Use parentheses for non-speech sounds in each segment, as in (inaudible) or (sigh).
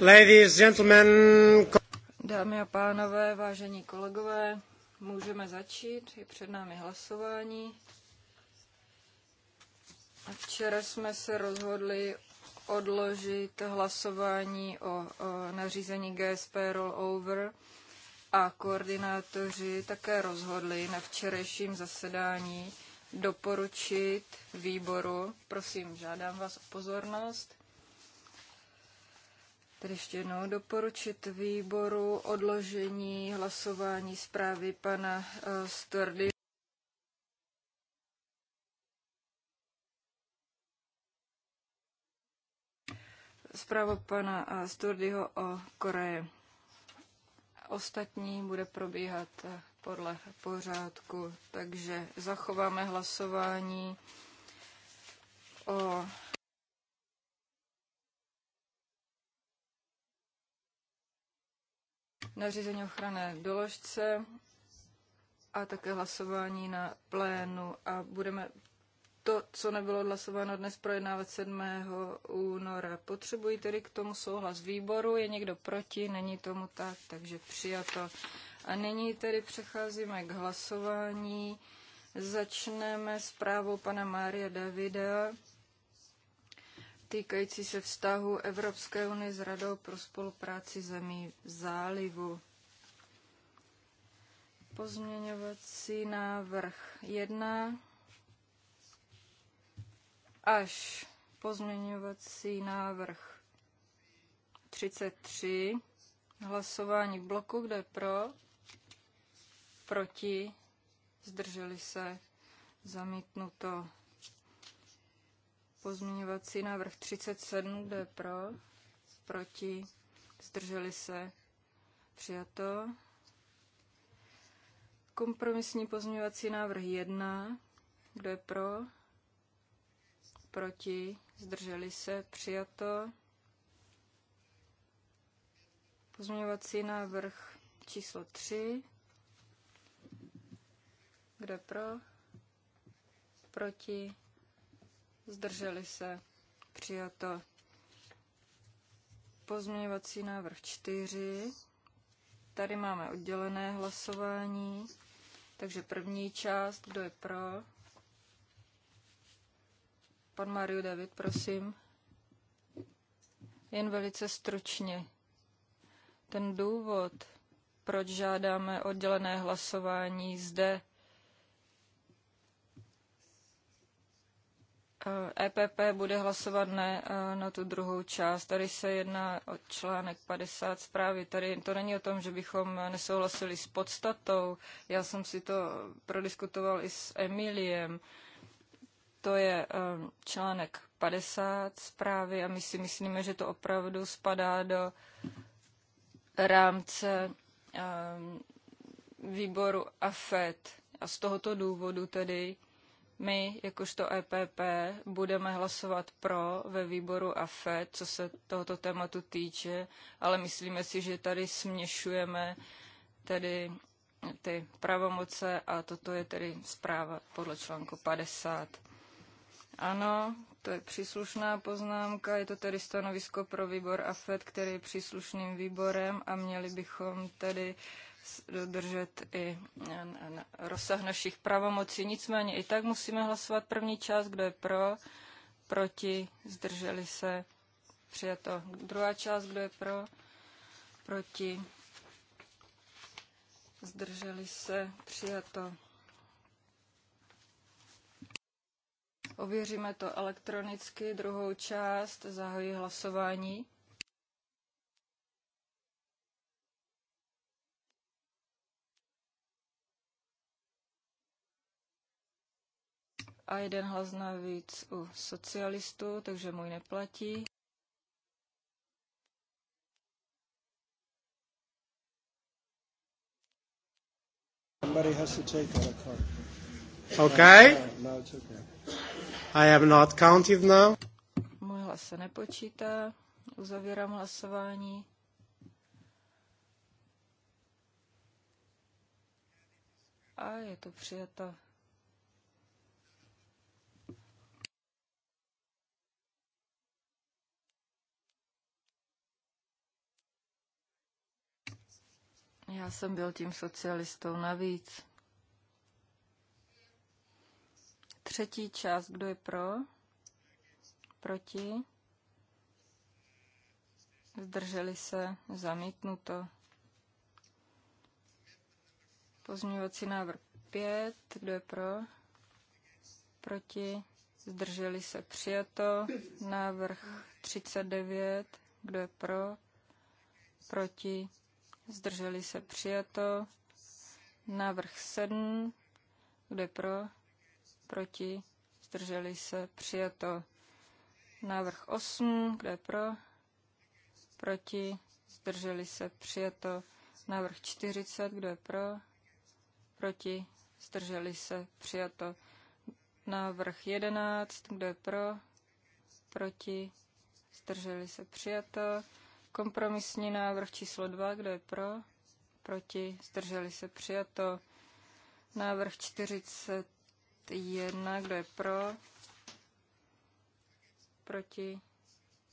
Ladies, gentlemen, Dámy a pánové, vážení kolegové, můžeme začít. Je před námi hlasování. A včera jsme se rozhodli odložit hlasování o, o nařízení GSP Rollover. over a koordinátoři také rozhodli na včerejším zasedání doporučit výboru, prosím, žádám vás o pozornost, tedy ještě jednou doporučit výboru odložení hlasování zprávy pana eh, Stordy. Zprávu pana eh, Stordyho o Koreji ostatní bude probíhat podle pořádku, takže zachováme hlasování o nařízení ochranné doložce a také hlasování na plénu a budeme to, co nebylo odhlasováno dnes projednávat 7. února. Potřebují tedy k tomu souhlas výboru, je někdo proti, není tomu tak, takže přijato. A nyní tedy přecházíme k hlasování. Začneme s právou pana Mária Davida týkající se vztahu Evropské unie s Radou pro spolupráci zemí zálivu. Pozměňovací návrh 1 až pozměňovací návrh 33. Hlasování v bloku, kde pro, proti, zdrželi se, zamítnuto. Pozměňovací návrh 37, kde pro, proti, zdrželi se, přijato. Kompromisní pozměňovací návrh 1, kde pro, proti, zdrželi se, přijato. Pozměňovací návrh číslo 3. Kde pro? Proti, zdrželi se, přijato. Pozměňovací návrh 4. Tady máme oddělené hlasování, takže první část, kdo je pro, Pan Mario David, prosím. Jen velice stručně. Ten důvod, proč žádáme oddělené hlasování zde, EPP eh, e bude hlasovat ne eh, na tu druhou část. Tady se jedná o článek 50 zprávy. Tady to není o tom, že bychom nesouhlasili s podstatou. Já jsem si to prodiskutoval i s Emiliem. Uh, to je ehm, článek 50 zprávy a my si myslíme, že to opravdu spadá do rámce ehm, výboru AFET. A z tohoto důvodu tedy my, jakožto EPP, budeme hlasovat pro ve výboru AFET, co se tohoto tématu týče, ale myslíme si, že tady směšujeme tedy ty pravomoce a toto je tedy zpráva podle článku 50. Ano, to je příslušná poznámka, je to tedy stanovisko pro výbor AFED, který je příslušným výborem a měli bychom tedy dodržet i e, rozsah našich pravomocí. Nicméně i tak musíme hlasovat první část, kdo je pro, proti, zdrželi se, přijato. Druhá část, kdo je pro, proti, zdrželi se, přijato. Ověříme to elektronicky, druhou část, zahoji hlasování. A jeden hlas navíc u socialistů, takže můj neplatí. Somebody has to take out a card. Okay. No, no, it's okay. I have not counted now. Můj hlas se nepočítá. Uzavírám hlasování. A je to přijato. Já jsem byl tím socialistou navíc. Třetí část, kdo je pro? Proti? Zdrželi se? Zamítnuto. Pozměňovací návrh 5. Kdo je pro? Proti? Zdrželi se? Přijato. Návrh 39. Kdo je pro? Proti? Zdrželi se? Přijato. Návrh 7. Kdo je pro? proti, zdrželi se, přijato. Návrh 8, kdo je pro, proti, zdrželi se, přijato. Návrh 40, kdo je pro, proti, zdrželi se, přijato. Návrh 11, kdo je pro, proti, zdrželi se, přijato. Kompromisní návrh číslo 2, kdo je pro, proti, zdrželi se, přijato. Návrh 40, 1, kdo je pro, proti,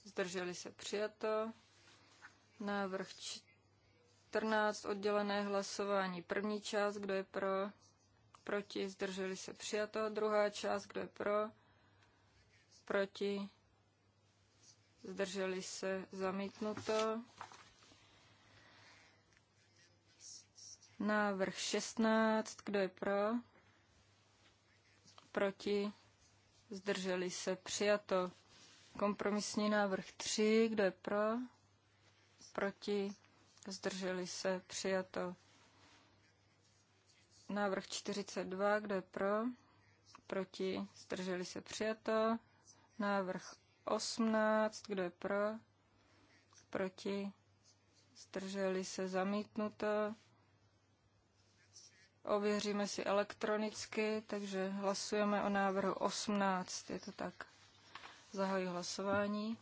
zdrželi se přijato. Návrh 14, oddělené hlasování, první část, kdo je pro, proti, zdrželi se přijato. Druhá část, kdo je pro, proti, zdrželi se zamítnuto. Návrh 16, kdo je pro? proti, zdrželi se, přijato. Kompromisní návrh 3, kdo je pro, proti, zdrželi se, přijato. Návrh 42, kdo je pro, proti, zdrželi se, přijato. Návrh 18, kdo je pro, proti, zdrželi se, zamítnuto. Ověříme si elektronicky, takže hlasujeme o návrhu 18. Je to tak. Zahajuji hlasování.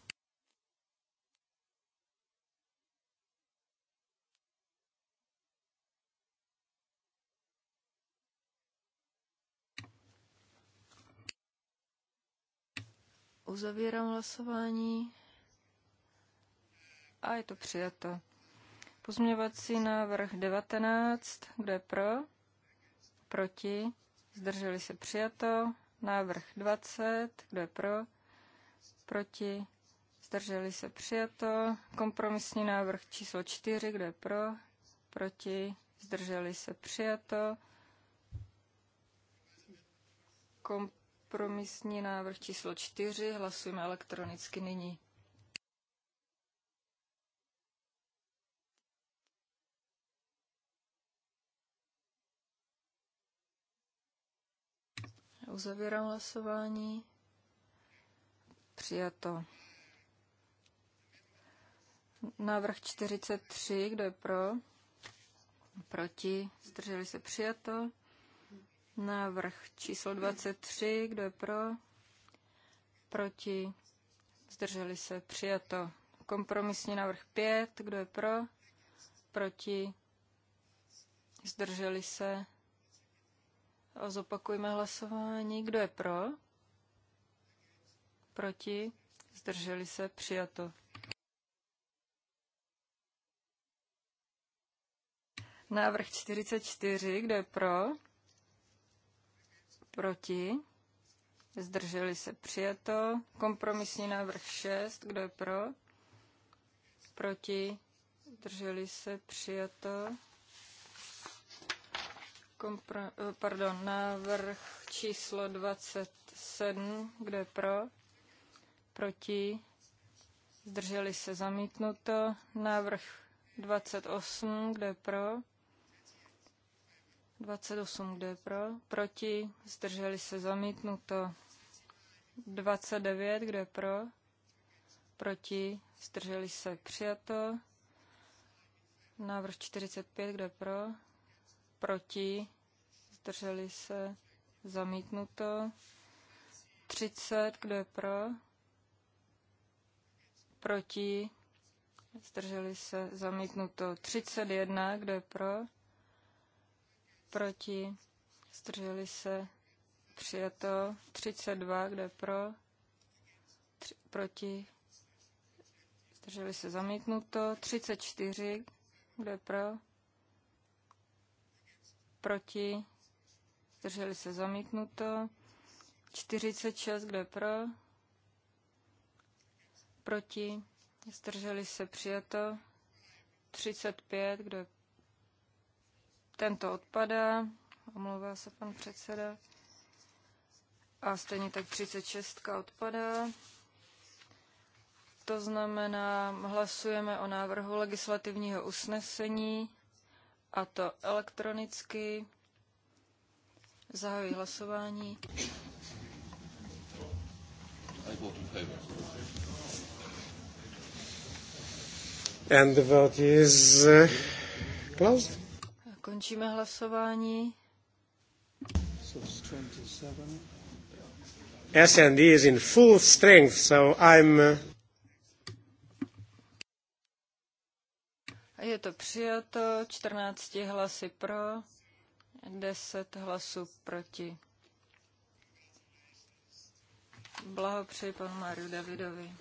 Uzavírám hlasování a je to přijato. Pozměňovací návrh 19. Kdo je pro? proti, zdrželi se přijato, návrh 20, kdo je pro, proti, zdrželi se přijato, kompromisní návrh číslo 4, kdo je pro, proti, zdrželi se přijato, kompromisní návrh číslo 4, hlasujeme elektronicky nyní. Uzavírám hlasování. Přijato. Návrh 43, kdo je pro? Proti? Zdrželi se přijato. Návrh číslo 23, kdo je pro? Proti? Zdrželi se přijato. Kompromisní návrh 5, kdo je pro? Proti? Zdrželi se Zopakujme hlasování. Kdo je pro? Proti? Zdrželi se? Přijato. Návrh 44. Kdo je pro? Proti? Zdrželi se? Přijato. Kompromisní návrh 6. Kdo je pro? Proti? Zdrželi se? Přijato. Kompro, eh, pardon, návrh číslo 27, kde pro, proti, zdrželi se zamítnuto. Návrh 28, kde pro, 28, kde pro, proti, zdrželi se zamítnuto. 29, kde pro, proti, zdrželi se přijato. Návrh 45, kde pro, proti, zdrželi se, zamítnuto. 30, kdo je pro, proti, zdrželi se, zamítnuto. 31, kdo je pro, proti, zdrželi se, přijato. 32, kdo je pro, tři, proti, zdrželi se, zamítnuto. 34, kdo je pro, proti, zdrželi se zamítnuto, 46, kdo je pro, proti, zdrželi se přijato, 35, kdo je tento odpadá, omlouvá se pan předseda. A stejně tak 36 odpadá. To znamená, hlasujeme o návrhu legislativního usnesení a to elektronicky. Zahajuji hlasování. And the vote is uh, closed. Končíme hlasování. S&D is in full strength, so I'm uh, je to přijato 14 hlasy pro, 10 hlasů proti. Blahopřeji panu Mariu Davidovi.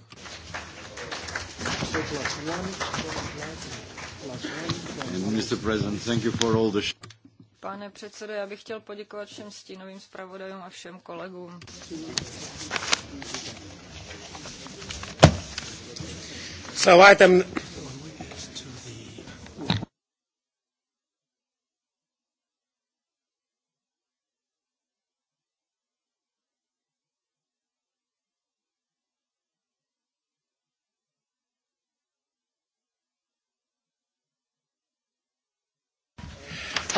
Pane předsedo, já bych chtěl poděkovat všem stínovým zpravodajům a všem kolegům. So item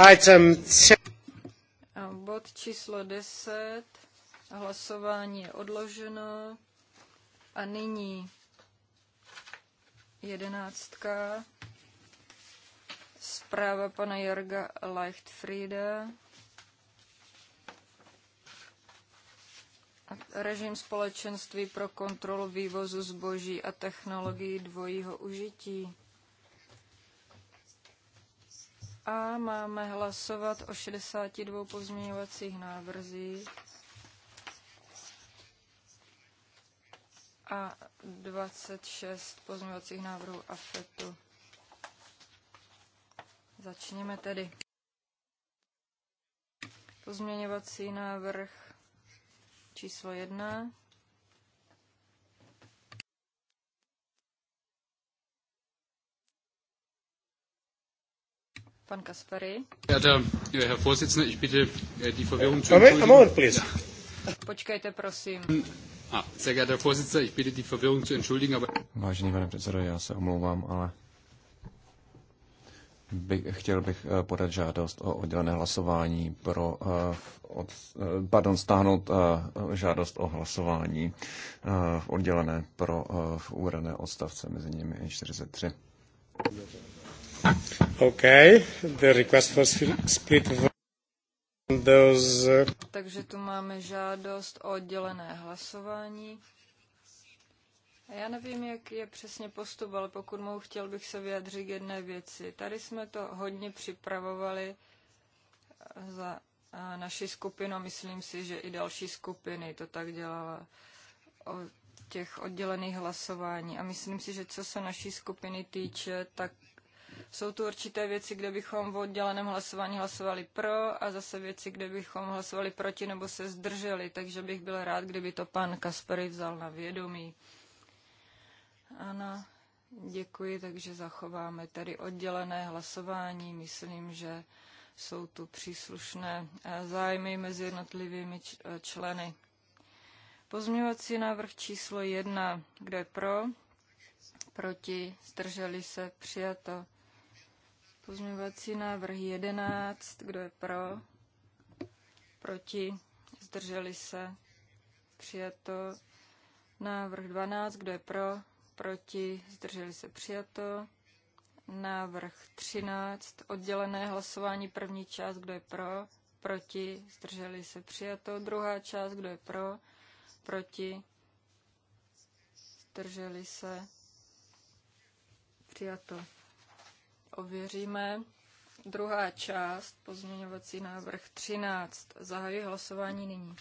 Item bod číslo 10. Hlasování je odloženo. A nyní jedenáctka. Zpráva pana Jarga Leichtfrieda. Režim společenství pro kontrolu vývozu zboží a technologií dvojího užití. A máme hlasovat o 62 pozměňovacích návrzích. a 26 pozměňovacích návrhů AFETu. Začněme tedy. Pozměňovací návrh číslo 1. Pan Kaspery. Äh, äh, (laughs) Počkejte, prosím. Ah, Vážený pane předsedo, já se omlouvám, ale bych, chtěl bych eh, podat žádost o oddělené hlasování pro, eh, od, eh, pardon, stáhnout žádost o hlasování oddělené pro uvedené odstavce mezi nimi 43. Okay, the request for split those... Uh, Takže tu máme žádost o oddělené hlasování. A já nevím, jak je přesně postup, ale pokud mohu, chtěl bych se vyjadřit k jedné věci. Tady jsme to hodně připravovali eh, za naši skupinu, myslím si, že i další skupiny to tak dělala o těch oddělených hlasování. A myslím si, že co se naší skupiny týče, tak jsou tu určité věci, kde bychom v odděleném hlasování hlasovali pro a zase věci, kde bychom hlasovali proti nebo se zdrželi, takže bych byl rád, kdyby to pan Kaspery vzal na vědomí. Ano, děkuji, takže zachováme tady oddělené hlasování. Myslím, že jsou tu příslušné eh, zájmy mezi jednotlivými eh, členy. Pozměňovací návrh číslo 1. Kdo je pro? Proti? Zdrželi se? Přijato. Pozměňovací návrh 11. Kdo je pro? Proti? Zdrželi se? Přijato. Návrh 12. Kdo je pro? Proti? Zdrželi se? Přijato. Návrh 13. Oddělené hlasování první část. Kdo je pro? Proti? Zdrželi se? Přijato. Druhá část. Kdo je pro? Proti? Zdrželi se? Přijato ověříme. Druhá část, pozměňovací návrh 13. Zahajuji hlasování nyní.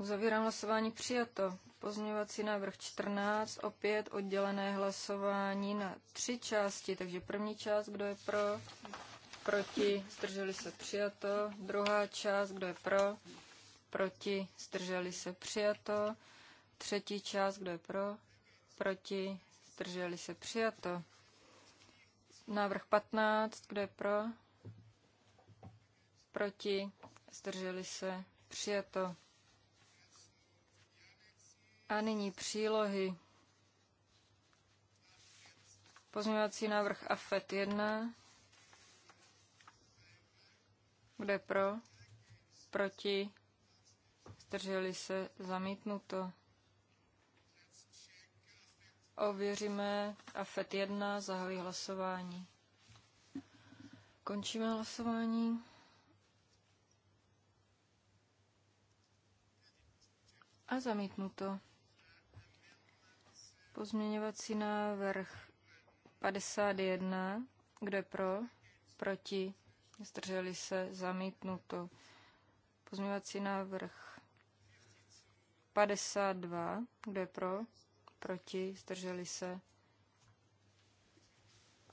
Uzavírám hlasování přijato. Pozměňovací návrh 14, opět oddělené hlasování na tři části, takže první část, kdo je pro, proti, zdrželi se přijato. Druhá část, kdo je pro, proti, zdrželi se přijato. Třetí část, kdo je pro, proti, zdrželi se přijato. Návrh 15, kdo je pro, proti, zdrželi se přijato. A nyní přílohy. Pozměňovací návrh AFET 1. Kdo je pro? Proti? Zdrželi se? Zamítnuto. Ověříme AFET 1, zahajuji hlasování. Končíme hlasování. A zamítnuto. Pozměňovací návrh 51. Kdo je pro? Proti? zdrželi se, zamítnuto. Pozměvací návrh 52, kdo je pro, proti, zdrželi se.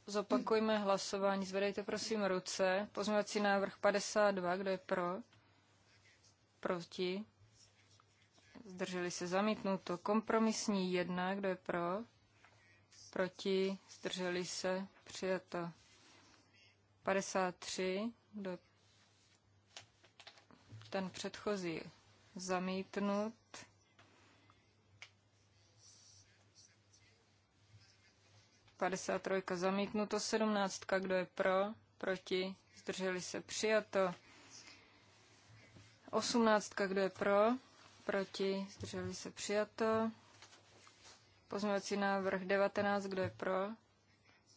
Zopakujme hlasování, zvedejte prosím ruce. Pozměvací návrh 52, kdo je pro, proti, zdrželi se, zamítnuto. Kompromisní 1, kdo je pro, proti, zdrželi se, přijato. 53, kdo ten předchozí zamítnut. Padesát trojka zamítnuto, sedmnáctka, kdo je pro, proti, zdrželi se přijato. Osmnáctka, kdo je pro, proti, zdrželi se přijato. Pozměňovací návrh 19, kdo je pro,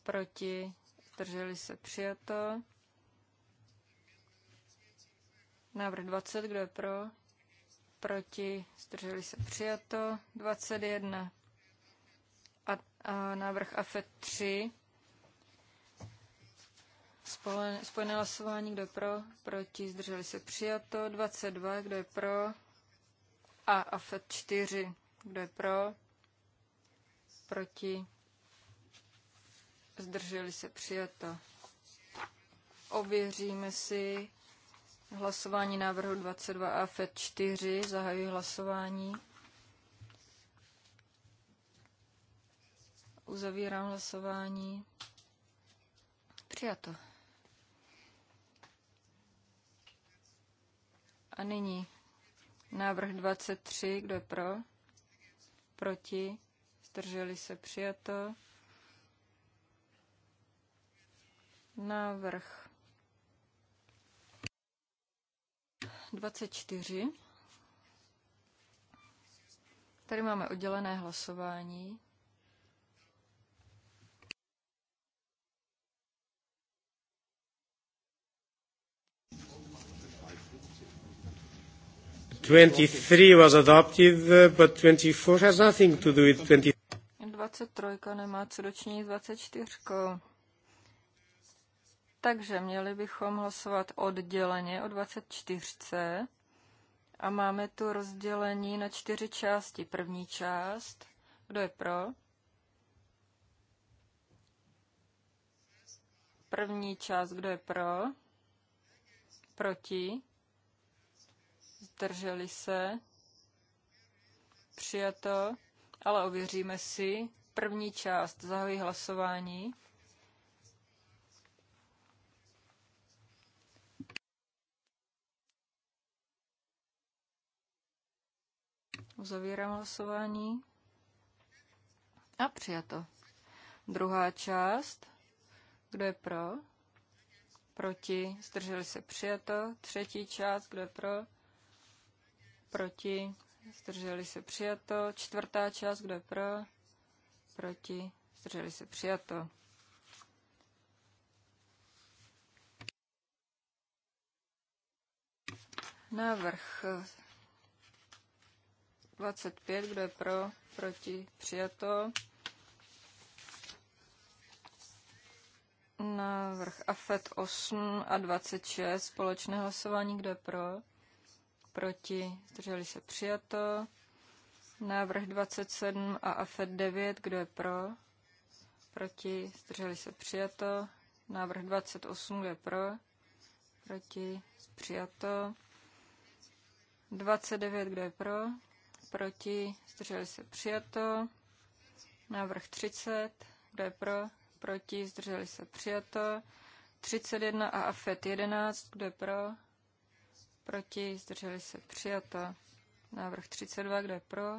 proti, zdrželi se přijato. Návrh 20, kdo je pro? Proti, zdrželi se přijato. 21. A, a návrh AFE 3. Spolené, spojené hlasování, kdo je pro? Proti, zdrželi se přijato. 22, kdo je pro? A AFE 4, kdo je pro? Proti zdrželi se přijato. Ověříme si hlasování návrhu 22 a FED 4. Zahajuji hlasování. Uzavírám hlasování. Přijato. A nyní návrh 23. Kdo je pro? Proti? Zdrželi se přijato. Návrh 24. Tady máme oddělené hlasování. Twenty-three was adopted, but twenty-four has nothing to do with twenty. Dvacet trojka nemá co dočinit dvacet čtyřkou. Takže měli bychom hlasovat odděleně o 24. A máme tu rozdělení na čtyři části. První část. Kdo je pro? První část, kdo je pro? Proti? Zdrželi se? Přijato? Ale ověříme si. První část. Zahoji hlasování. Uzavírám hlasování. A přijato. Druhá část. Kdo je pro? Proti. Zdrželi se přijato. Třetí část. Kdo je pro? Proti. Zdrželi se přijato. Čtvrtá část. Kdo je pro? Proti. Zdrželi se přijato. Návrh 25, kdo je pro, proti, přijato. Návrh AFET 8 a 26, e společné hlasování, kdo je pro, proti, zdrželi se přijato. Návrh 27 a AFET 9, kdo je pro, proti, zdrželi se přijato. Návrh 28, kdo je pro, proti, přijato. 29, kdo je pro, proti, zdrželi se přijato. Návrh 30, kdo je pro, proti, zdrželi se přijato. 31 a AFET 11, kdo je pro, proti, zdrželi se přijato. Návrh 32, kdo je pro,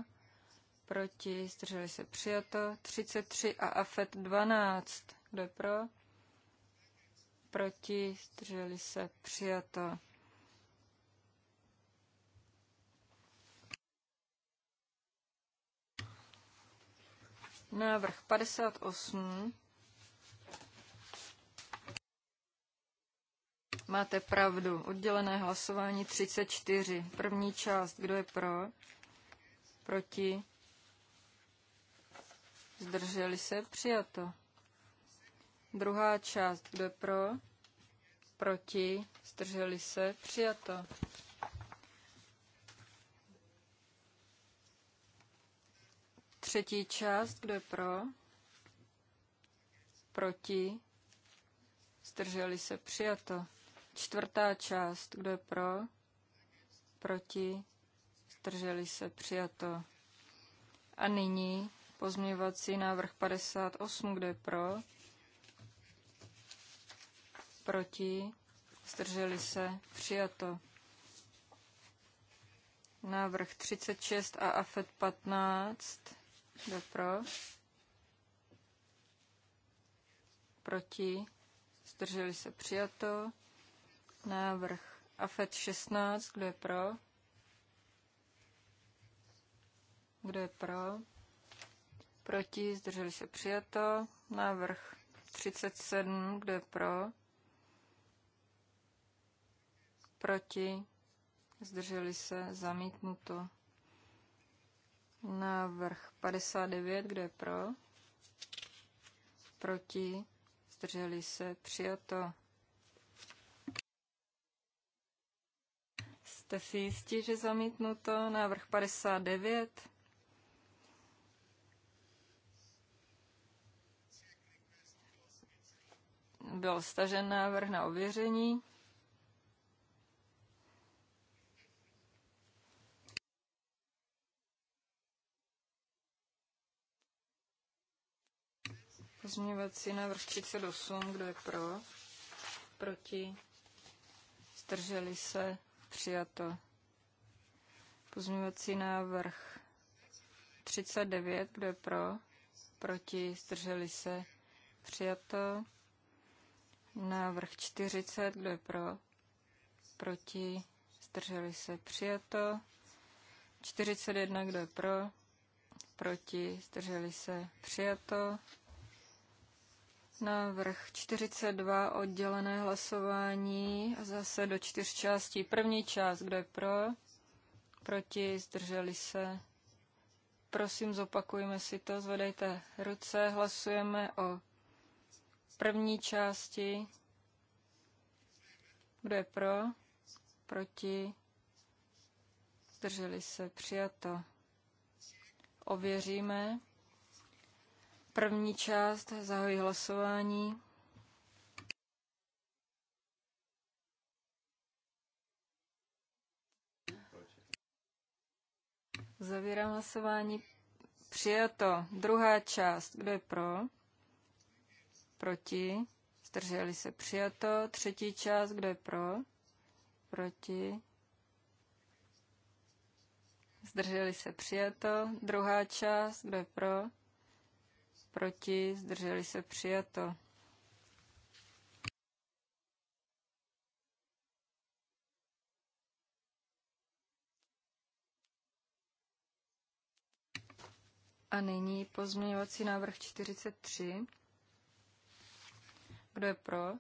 proti, zdrželi se přijato. 33 a AFET 12, kdo je pro, proti, zdrželi se přijato. Návrh 58. Máte pravdu. Oddělené hlasování 34. První část. Kdo je pro? Proti? Zdrželi se? Přijato. Druhá část. Kdo je pro? Proti? Zdrželi se? Přijato. Třetí část, kdo je pro? Proti? Zdrželi se přijato. Čtvrtá část, kdo je pro? Proti? Zdrželi se přijato. A nyní pozměňovací návrh 58, kdo je pro? Proti? Zdrželi se přijato. Návrh 36 a AFET 15. Kdo pro? Proti? Zdrželi se přijato. Návrh AFET 16. Kdo je pro? Kdo je pro? Proti? Zdrželi se přijato. Návrh 37. Kdo je pro? Proti? Zdrželi se zamítnuto. Návrh 59, kdo je pro? Proti? Zdrželi se? Přijato. Jste si jistí, že zamítnuto? Návrh 59. Byl stažen návrh na ověření. Pozměňovací návrh 38, kdo je pro? Proti? Zdrželi se? Přijato. Pozměňovací návrh 39, kdo je pro? Proti? Zdrželi se? Přijato. Návrh 40, kdo je pro? Proti? Zdrželi se? Přijato. 41, kdo je pro? Proti? Zdrželi se? Přijato. Návrh 42, oddělené hlasování, zase do čtyř částí. První část, kdo je pro, proti, zdrželi se. Prosím, zopakujme si to, zvedejte ruce, hlasujeme o první části. Kdo je pro, proti, zdrželi se, přijato. Ověříme. První část, zahoji hlasování. Zavírám hlasování. Přijato. Druhá část. Kdo je pro? Proti. Zdrželi se. Přijato. Třetí část. Kdo je pro? Proti. Zdrželi se. Přijato. Druhá část. Kdo je pro? proti, zdrželi se přijato. A nyní pozměňovací návrh 43. Kdo je pro?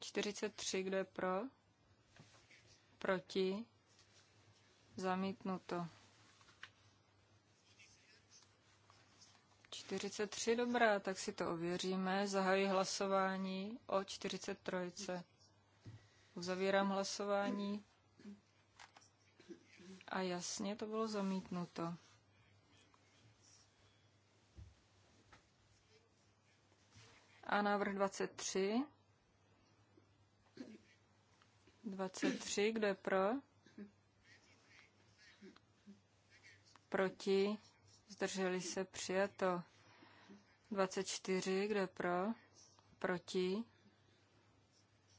43, kdo je pro? Proti? Zamítnuto. 43 dobrá, tak si to ověříme. Zahajuji hlasování o 43. Uzavírám hlasování. A jasně to bylo zamítnuto. A návrh 23. 23, kdo je pro? Proti? Zdrželi se přijato. 24, kdo je pro, proti,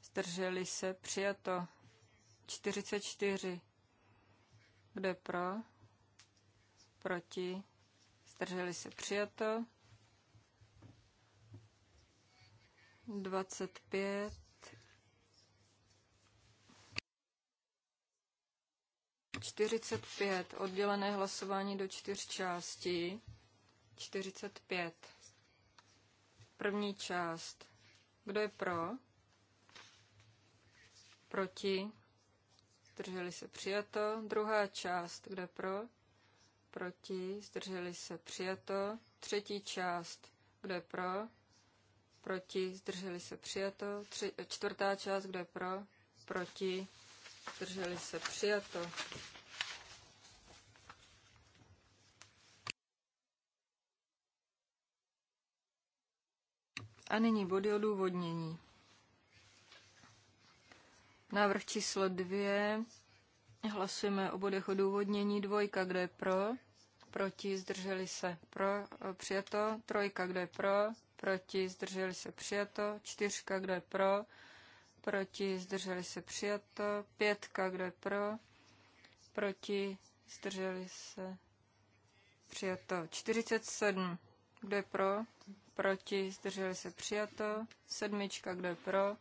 zdrželi se, přijato. 44, kdo je pro, proti, zdrželi se, přijato. 25, 45. oddělené hlasování do čtyř částí. 45. První část. Kdo je pro? Proti? Zdrželi se přijato. Druhá část. Kdo je pro? Proti? Zdrželi se přijato. Třetí část. Kdo je pro? Proti? Zdrželi se přijato. Tři, čtvrtá část. Kdo je pro? Proti? Zdrželi se přijato. A nyní body odůvodnění. Návrh číslo dvě. Hlasujeme o bodech odůvodnění. Dvojka, kdo je pro? Proti, zdrželi se. Pro, eh, přijato. Trojka, kdo je pro? Proti, zdrželi se. Přijato. Čtyřka, kdo je pro? Proti, zdrželi se. Přijato. Pětka, kdo je pro? Proti, zdrželi se. Přijato. 47 kdo je pro, proti, zdrželi se přijato, sedmička, kdo je pro,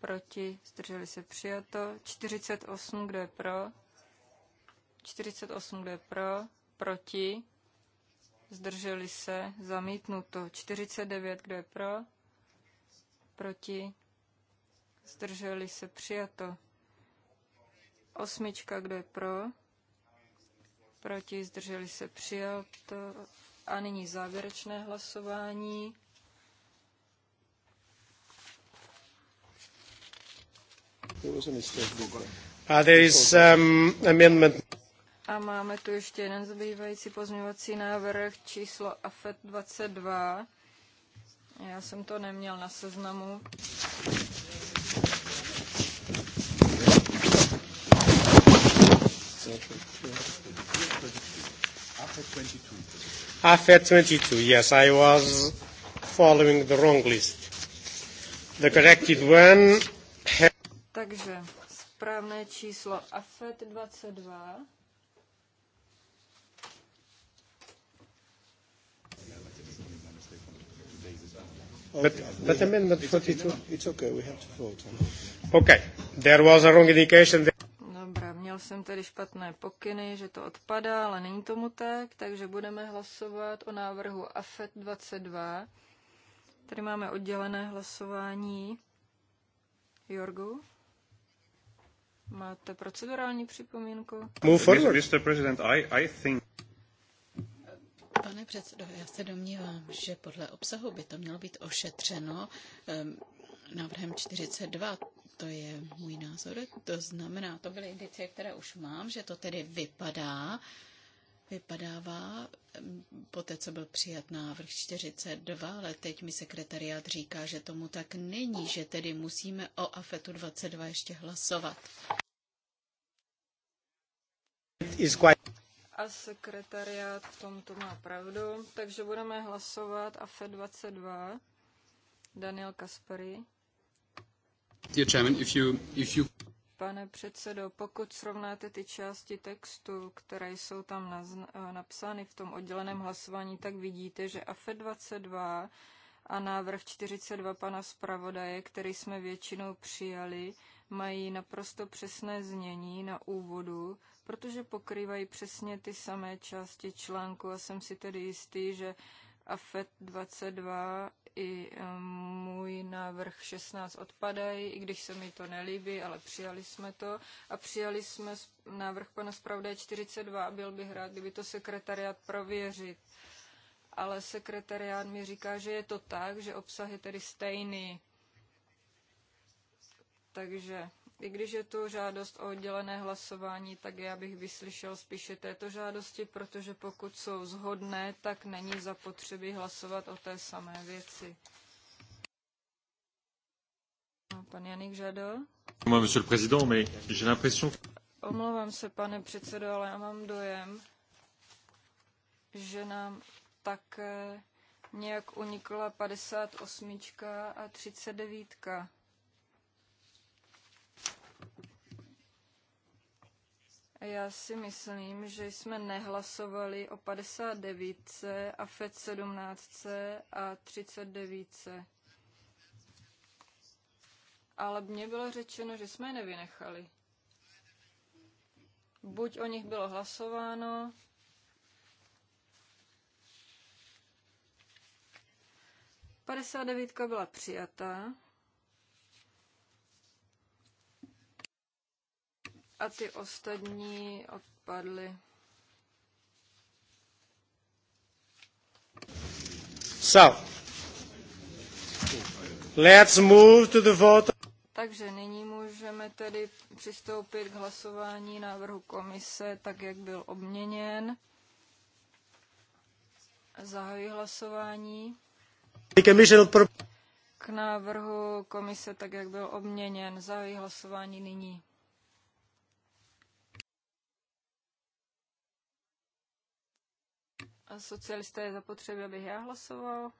proti, zdrželi se přijato, 48, kdo je pro, 48, kdo je pro, proti, zdrželi se, zamítnuto, 49, kdo je pro, proti, zdrželi se, přijato, osmička, kdo je pro, proti, zdrželi se, přijato, a nyní závěrečné hlasování. A, uh, there is, um, amendment. A máme tu ještě jeden zbývající pozměňovací návrh číslo AFET e 22. Já jsem to neměl na seznamu. AFET e 22 half 22. Yes, I was following the wrong list. The corrected one. Takže správné číslo AFET 22. But, but amendment 42, it's okay, we have to vote. Okay, there was a wrong indication. That Měl jsem tedy špatné pokyny, že to odpadá, ale není tomu tak, takže budeme hlasovat o návrhu AFET 22. Tady máme oddělené hlasování. Jorgu? Máte procedurální připomínku? Move forward. Mr. President, I, I think... Pane předsedo, já se domnívám, že podle obsahu by to mělo být ošetřeno um, návrhem 42. To je můj názor. To znamená, to byly indicie, které už mám, že to tedy vypadá, vypadává mm, po té, co byl přijat návrh 42, ale teď mi sekretariát říká, že tomu tak není, že tedy musíme o AFETu 22 ještě hlasovat. A sekretariát v tomto má pravdu, takže budeme hlasovat afet 22. Daniel Kaspery. Pane předsedo, pokud srovnáte ty části textu, které jsou tam eh, napsány v tom odděleném hlasování, tak vidíte, že AFE 22 a návrh 42 pana zpravodaje, který jsme většinou přijali, mají naprosto přesné znění na úvodu, protože pokrývají přesně ty samé části článku a jsem si tedy jistý, že AFET e 22 i můj návrh 16 odpadají, i když se mi to nelíbí, ale přijali jsme to. A přijali jsme návrh pana zpravodaje 42 a byl bych rád, kdyby to sekretariat prověřit. Ale sekretariát mi říká, že je to tak, že obsah je tedy stejný. Takže i když je to žádost o oddělené hlasování, tak já bych vyslyšel spíše této žádosti, protože pokud jsou zhodné, tak není zapotřebí hlasovat o té samé věci. No, pan Janik žádal. Omlouvám se, pane předsedo, ale já mám dojem, že nám také nějak unikla 58 a 39. Já si myslím, že jsme nehlasovali o 59 a FED e 17 a 39. Ale mně bylo řečeno, že jsme je nevynechali. Buď o nich bylo hlasováno, Padesát devítka byla přijata. a ty ostatní odpadly. So, let's move to the vote. Takže nyní můžeme tedy přistoupit k hlasování návrhu komise, tak jak byl obměněn. Zahajuji hlasování. K návrhu komise, tak jak byl obměněn, zahajuji hlasování nyní. socialista je zapotřebí, abych já hlasoval.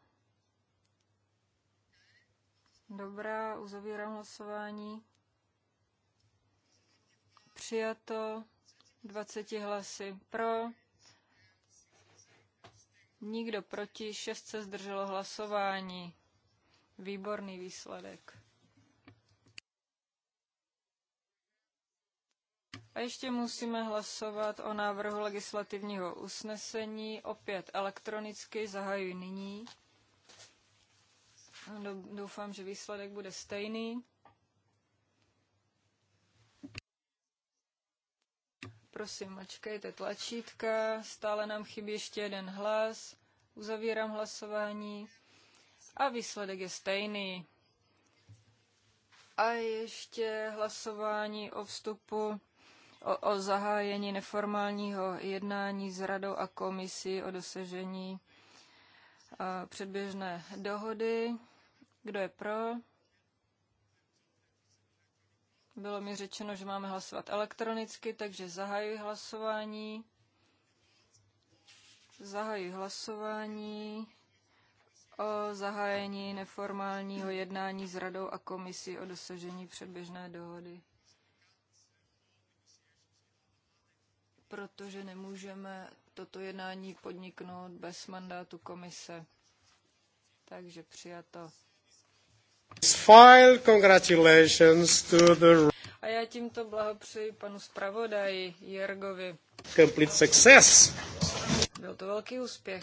Dobrá, uzavírám hlasování. Přijato 20 hlasy pro, nikdo proti, 6 se zdrželo hlasování. Výborný výsledek. A ještě musíme hlasovat o návrhu legislativního usnesení. Opět elektronicky zahajuji nyní. No, doufám, že výsledek bude stejný. Prosím, mačkejte tlačítka. Stále nám chybí ještě jeden hlas. Uzavírám hlasování. A výsledek je stejný. A ještě hlasování o vstupu o, o zahájení neformálního jednání s radou a komisí o dosažení a, e, předběžné dohody. Kdo je pro? Bylo mi řečeno, že máme hlasovat elektronicky, takže zahajuji hlasování. Zahajuji hlasování o zahájení neformálního jednání s radou a komisí o dosažení předběžné dohody. protože nemůžeme toto jednání podniknout bez mandátu komise. Takže přijato. File, congratulations to the... A já tímto blahopřeji panu zpravodaji Jergovi. Complete success. Byl to velký úspěch.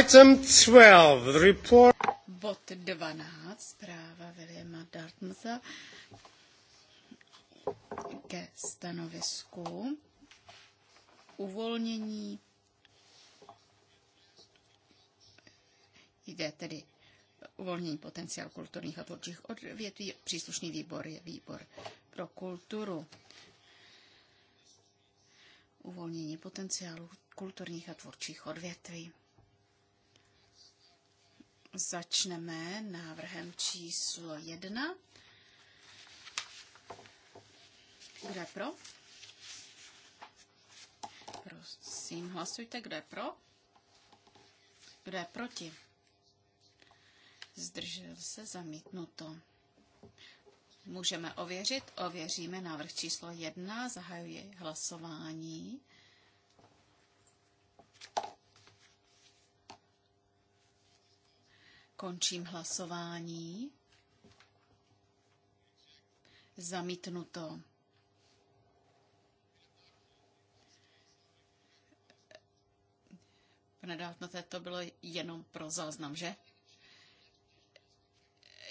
Item 12, report. Bod 12, zpráva Williama Dartmouth ke stanovisku uvolnění jde tedy uvolnění potenciál kulturních a tvůrčích odvětví. Příslušný výbor je výbor pro kulturu. Uvolnění potenciálu kulturních a tvůrčích odvětví. Začneme návrhem číslo jedna. Kdo je pro? Prosím, hlasujte, kdo je pro? Kdo je proti? Zdržel se zamítnuto. Můžeme ověřit. Ověříme návrh číslo jedna. Zahajuji hlasování. Končím hlasování. Zamítnuto. Pane Dátnote, to bylo jenom pro záznam, že?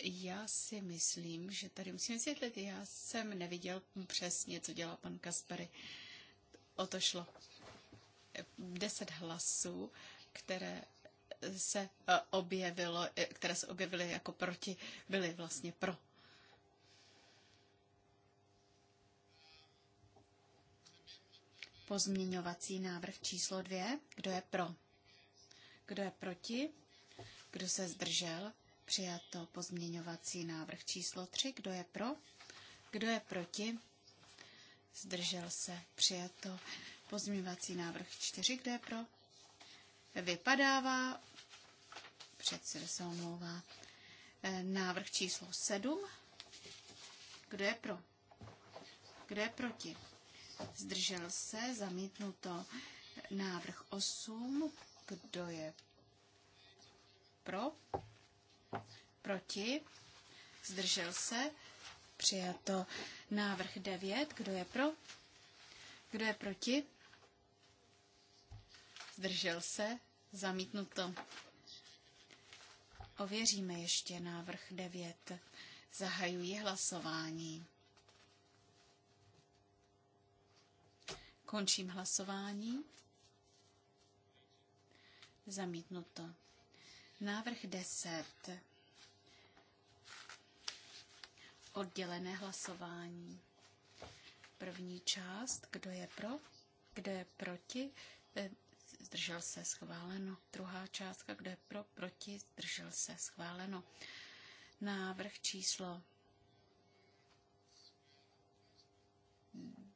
Já si myslím, že tady musím vysvětlit, já jsem neviděl přesně, co dělá pan Kaspery. O to šlo. Deset hlasů, které se eh, objevilo, eh, které se objevily jako proti, byly vlastně pro. Pozměňovací návrh číslo dvě. Kdo je pro? Kdo je proti? Kdo se zdržel? Přijato pozměňovací návrh číslo tři, Kdo je pro? Kdo je proti? Zdržel se. Přijato pozměňovací návrh čtyři, Kdo je pro? Vypadává Předseda se omlouvá. Eh, návrh číslo 7. Kdo je pro? Kdo je proti? Zdržel se, zamítnuto. Návrh 8. Kdo je pro? Proti? Zdržel se? Přijato návrh 9. Kdo je pro? Kdo je proti? Zdržel se? Zamítnuto. Ověříme ještě návrh 9. Zahajuji hlasování. Končím hlasování. Zamítnuto. Návrh 10. Oddělené hlasování. První část, kdo je pro, kdo je proti, eh, zdržel se, schváleno. Druhá částka, kde pro, proti, zdržel se, schváleno. Návrh číslo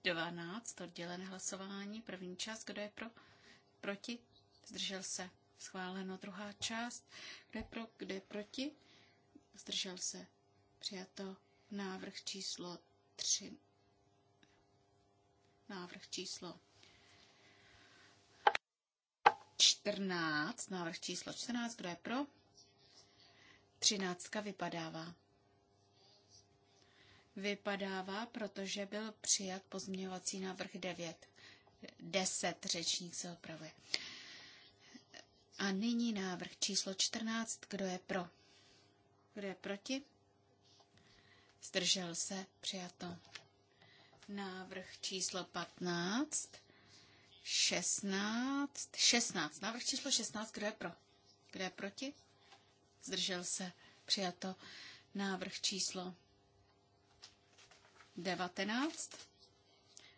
12, oddělené hlasování, první část, kdo je pro, proti, zdržel se, schváleno. Druhá část, kdo je pro, kdo je proti, zdržel se, přijato. Návrh číslo 3, návrh číslo 14, návrh číslo 14, kdo je pro? 13 vypadává. Vypadává, protože byl přijat pozměňovací návrh 9. 10 řečník se opravuje. A nyní návrh číslo 14, kdo je pro? Kdo je proti? Zdržel se, přijato. Návrh číslo 15 16, 16, návrh číslo 16, kdo je pro? Kdo je proti? Zdržel se, přijato. Návrh číslo 19,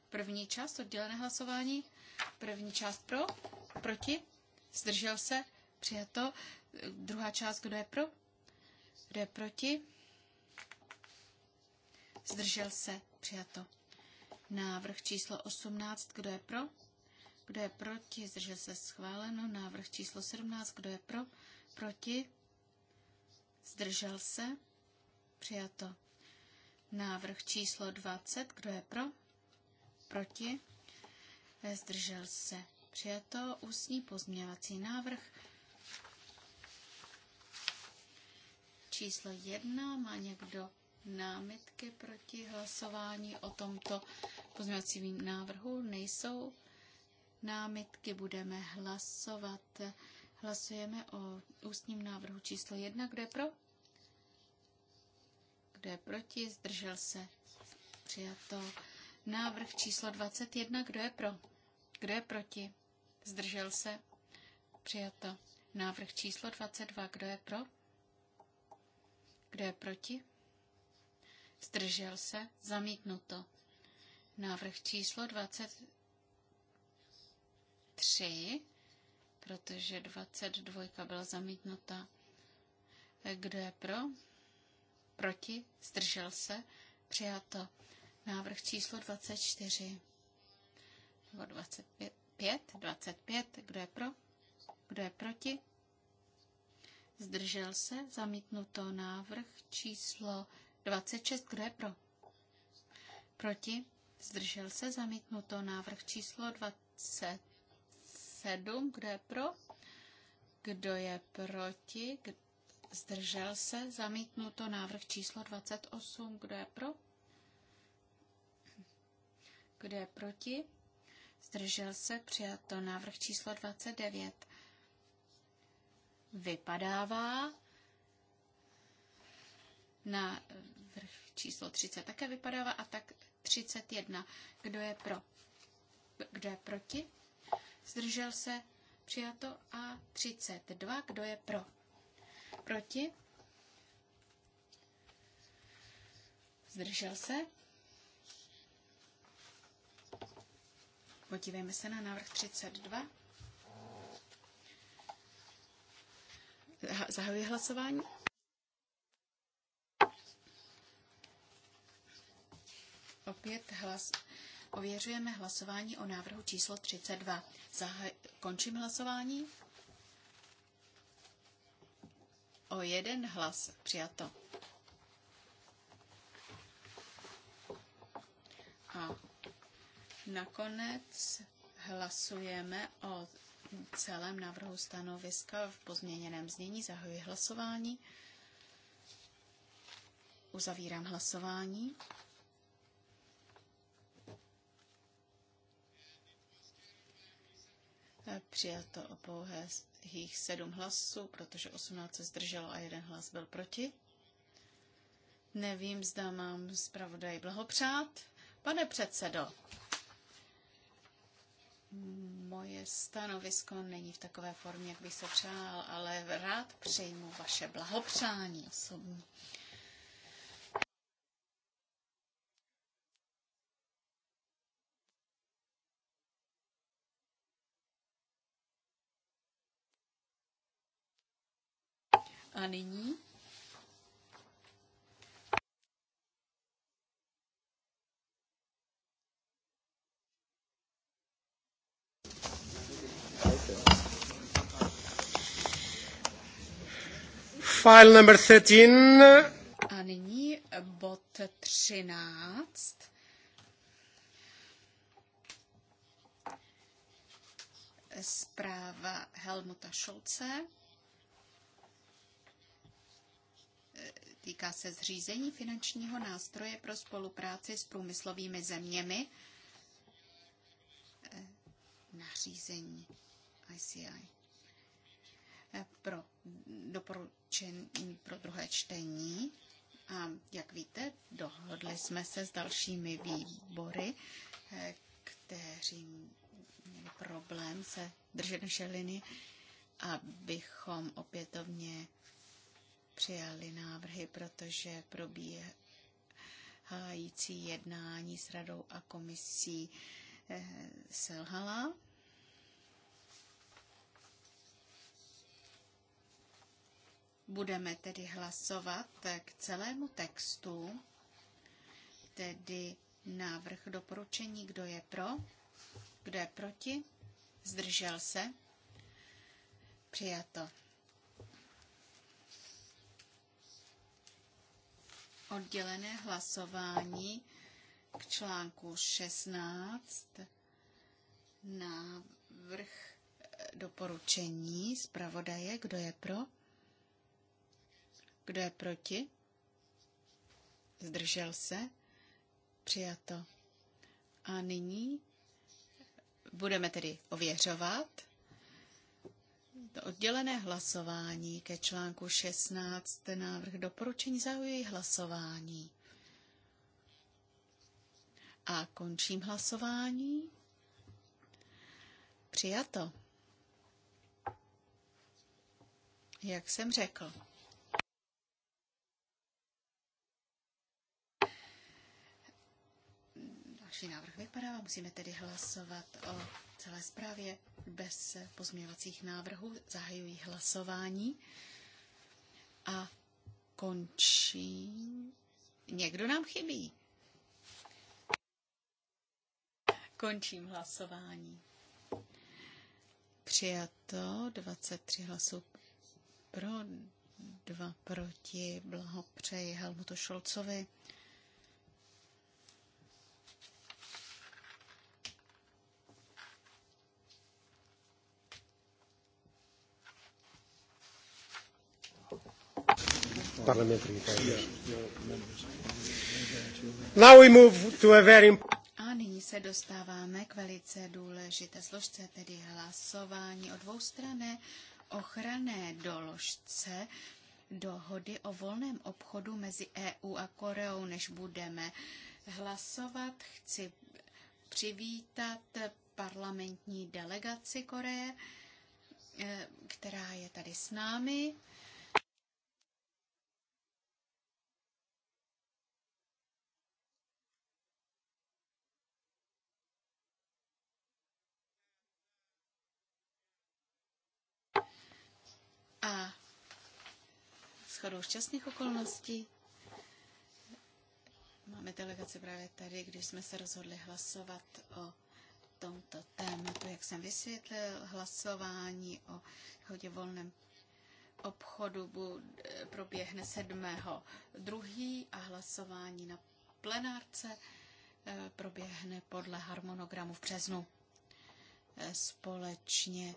první část, oddělené hlasování, první část pro, proti, zdržel se, přijato. Druhá část, kdo je pro? Kdo je proti? Zdržel se, přijato. Návrh číslo 18, kdo je pro? Kdo je proti? Zdržel se schváleno. Návrh číslo 17. Kdo je pro? Proti? Zdržel se? Přijato. Návrh číslo 20. Kdo je pro? Proti? Zdržel se. Přijato ústní pozměňovací návrh. Číslo 1. Má někdo námitky proti hlasování o tomto pozměňovacím návrhu? Nejsou námitky, budeme hlasovat. Hlasujeme o ústním návrhu číslo jedna. Kdo je pro? Kdo je proti? Zdržel se. Přijato. Návrh číslo 21. Kdo je pro? Kdo je proti? Zdržel se. Přijato. Návrh číslo 22. Kdo je pro? Kdo je proti? Zdržel se. Zamítnuto. Návrh číslo 20. 3, protože 22 byla zamítnuta. Kdo je pro? Proti? Zdržel se? Přijato. Návrh číslo 24. Nebo 25? 25. Kdo je pro? Kdo je proti? Zdržel se? Zamítnuto. Návrh číslo 26. Kdo je pro? Proti? Zdržel se? Zamítnuto. Návrh číslo 20. 7, kdo je pro, kdo je proti, zdržel se, zamítnuto návrh číslo 28, kdo je pro, kdo je proti, zdržel se, přijato návrh číslo 29, vypadává, na vrch číslo 30 také vypadává a tak 31. Kdo je pro? Kdo je proti? zdržel se, přijato a 32, kdo je pro, proti, zdržel se. Podívejme se na návrh 32. Zahajuji hlasování. Opět hlas Ověřujeme hlasování o návrhu číslo 32. Zahaj- končím hlasování. O jeden hlas přijato. A nakonec hlasujeme o celém návrhu stanoviska v pozměněném znění. Zahajuji hlasování. Uzavírám hlasování. Přijato o pouhých sedm hlasů, protože 18 se zdrželo a jeden hlas byl proti. Nevím, zda mám zpravodaj blahopřát. Pane předsedo, moje stanovisko není v takové formě, jak bych se přál, ale rád přejmu vaše blahopřání osobní. nyní File number 13. A nyní bod 13. Zpráva Helmuta Šulce týká se zřízení finančního nástroje pro spolupráci s průmyslovými zeměmi, eh, nařízení ICI eh, pro doporučení pro druhé čtení. A jak víte, dohodli jsme se s dalšími výbory, eh, kteří měli problém se držet naše linie, abychom opětovně přijali návrhy, protože probíhající jednání s radou a komisí eh, selhala. Budeme tedy hlasovat eh, k celému textu, tedy návrh doporučení, kdo je pro, kdo je proti, zdržel se, přijato. oddělené hlasování k článku 16 návrh eh, doporučení zpravodaje, kdo je pro, kdo je proti, zdržel se, přijato. A nyní budeme tedy ověřovat Oddělené hlasování ke článku 16 návrh doporučení zahajuji hlasování. A končím hlasování. Přijato. Jak jsem řekl. Další návrh vypadá. Musíme tedy hlasovat o celé zprávě bez pozměňovacích návrhů. Zahajuji hlasování a končí. Někdo nám chybí. Končím hlasování. Přijato 23 hlasů pro, 2 proti. Blahopřeji Helmutu Šolcovi. parliamentary inquiry. Now we move to a very a nyní se dostáváme k velice důležité složce, tedy hlasování o dvoustrané ochranné doložce dohody o volném obchodu mezi EU a Koreou, než budeme hlasovat. Chci přivítat parlamentní delegaci Koreje, eh, která je tady s námi. A shodou šťastných okolností máme delegaci právě tady, když jsme se rozhodli hlasovat o tomto tématu, jak jsem vysvětlil, hlasování o chodě volném obchodu proběhne 7. druhý, a hlasování na plenárce eh, proběhne podle harmonogramu v březnu. Eh, společně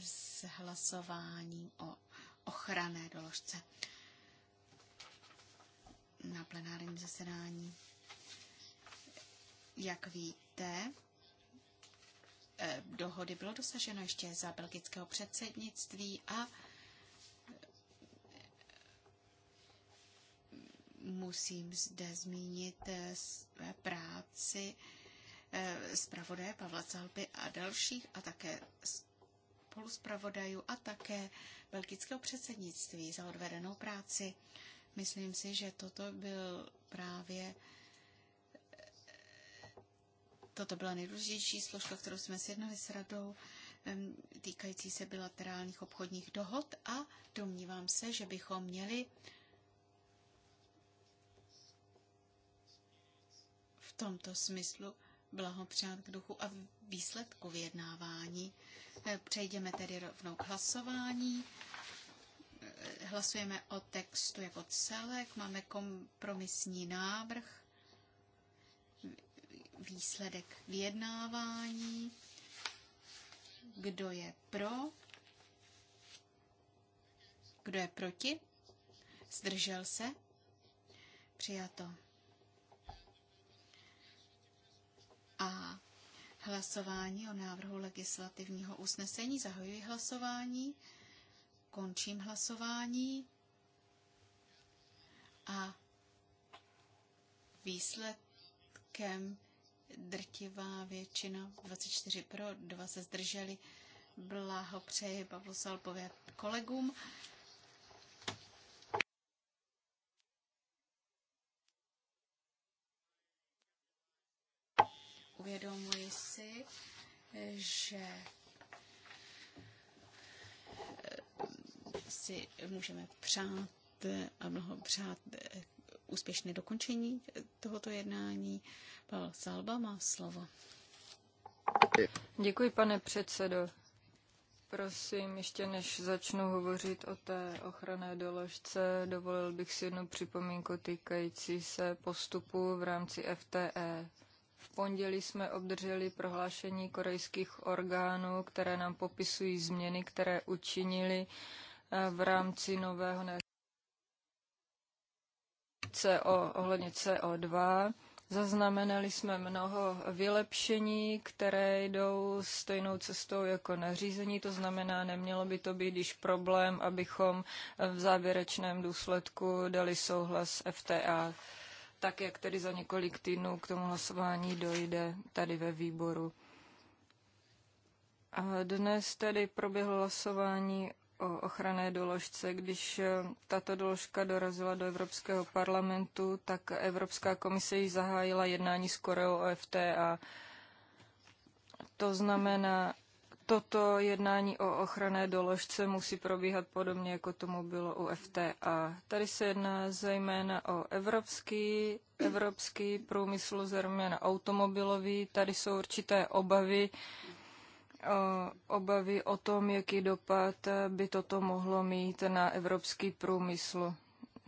s hlasováním o ochranné doložce na plenárním zasedání. Jak víte, eh, dohody bylo dosaženo ještě za belgického předsednictví a eh, musím zde zmínit eh, své práci zpravodaje Pavla Calby a dalších a také spoluspravodajů a také belgického předsednictví za odvedenou práci. Myslím si, že toto byl právě toto byla nejdůležitější složka, kterou jsme sjednali s radou týkající se bilaterálních obchodních dohod a domnívám se, že bychom měli v tomto smyslu blahopřát k duchu a výsledku vyjednávání Eh, přejdeme tedy rovnou k hlasování. Eh, hlasujeme o textu jako celek. Máme kompromisní návrh, výsledek vyjednávání. Kdo je pro? Kdo je proti? Zdržel se? Přijato. A hlasování o návrhu legislativního usnesení. Zahajuji hlasování, končím hlasování a výsledkem drtivá většina, 24 pro, 2 se zdrželi, blahopřeji Pavlu Salpové kolegům. Uvědomuji si, že eh, si můžeme přát eh, a mnoho přát eh, úspěšné dokončení tohoto jednání. Pavel Salba má slovo. Děkuji, pane předsedo. Prosím, ještě než začnu hovořit o té ochranné doložce, dovolil bych si jednu připomínku týkající se postupu v rámci FTE. V pondělí jsme obdrželi prohlášení korejských orgánů, které nám popisují změny, které učinili eh, v rámci nového ne- CO, ohledně CO2. Zaznamenali jsme mnoho vylepšení, které jdou stejnou cestou jako nařízení, to znamená, nemělo by to být již problém, abychom v závěrečném důsledku dali souhlas FTA tak jak tedy za několik týdnů k tomu hlasování dojde tady ve výboru. A dnes tedy proběhlo hlasování o ochranné doložce. Když eh, tato doložka dorazila do Evropského parlamentu, tak Evropská komise ji zahájila jednání s Koreou o FTA. To znamená, toto jednání o ochranné doložce musí probíhat podobně, jako tomu bylo u FTA. Tady se jedná zejména o evropský, evropský průmysl, zejména automobilový. Tady jsou určité obavy, obavy o tom, jaký dopad by toto mohlo mít na evropský průmysl.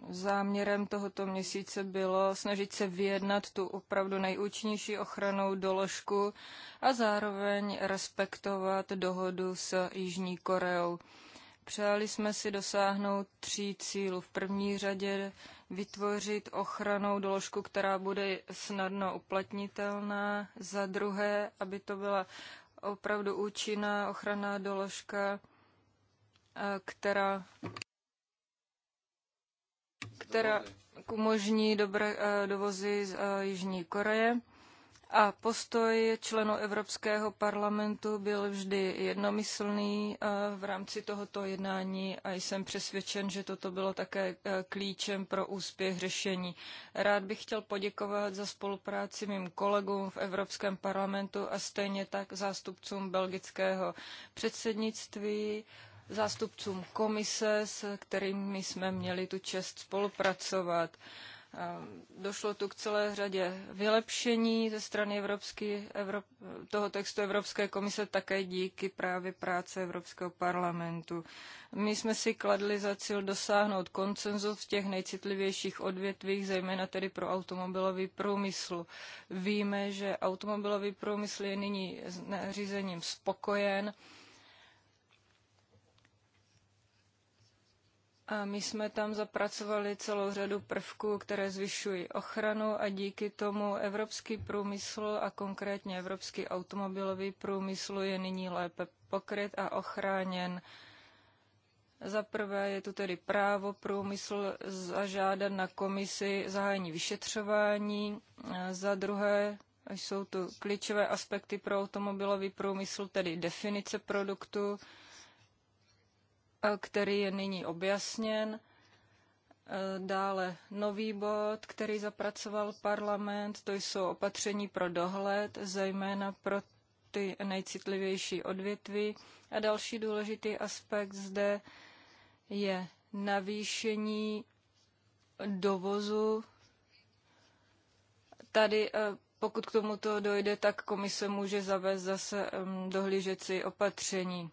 Záměrem tohoto měsíce bylo snažit se vyjednat tu opravdu nejúčinnější ochranou doložku a zároveň respektovat dohodu s Jižní Koreou. Přáli jsme si dosáhnout tří cílů. V první řadě vytvořit ochranou doložku, která bude snadno uplatnitelná. Za druhé, aby to byla opravdu účinná ochranná doložka, která která umožní dobré eh, dovozy z eh, Jižní Koreje. A postoj členů Evropského parlamentu byl vždy jednomyslný eh, v rámci tohoto jednání a jsem přesvědčen, že toto bylo také klíčem pro úspěch řešení. Rád bych chtěl poděkovat za spolupráci mým kolegům v Evropském parlamentu a stejně tak zástupcům belgického předsednictví, zástupcům komise, s kterými jsme měli tu čest spolupracovat. Došlo tu k celé řadě vylepšení ze strany Evropský, Evrop, toho textu Evropské komise také díky právě práce Evropského parlamentu. My jsme si kladli za cíl dosáhnout koncenzu v těch nejcitlivějších odvětvích, zejména tedy pro automobilový průmysl. Víme, že automobilový průmysl je nyní s nařízením spokojen A my jsme tam zapracovali celou řadu prvků, které zvyšují ochranu a díky tomu evropský průmysl a konkrétně evropský automobilový průmysl je nyní lépe pokryt a ochráněn. Za prvé je tu tedy právo průmysl zažádat na komisi zahájení vyšetřování, za druhé jsou tu klíčové aspekty pro automobilový průmysl, tedy definice produktu, který je nyní objasněn. E, dále nový bod, který zapracoval parlament, to jsou opatření pro dohled, zejména pro ty nejcitlivější odvětví. A další důležitý aspekt zde je navýšení dovozu. Tady, e, pokud k tomuto dojde, tak komise může zavést zase dohlížecí opatření.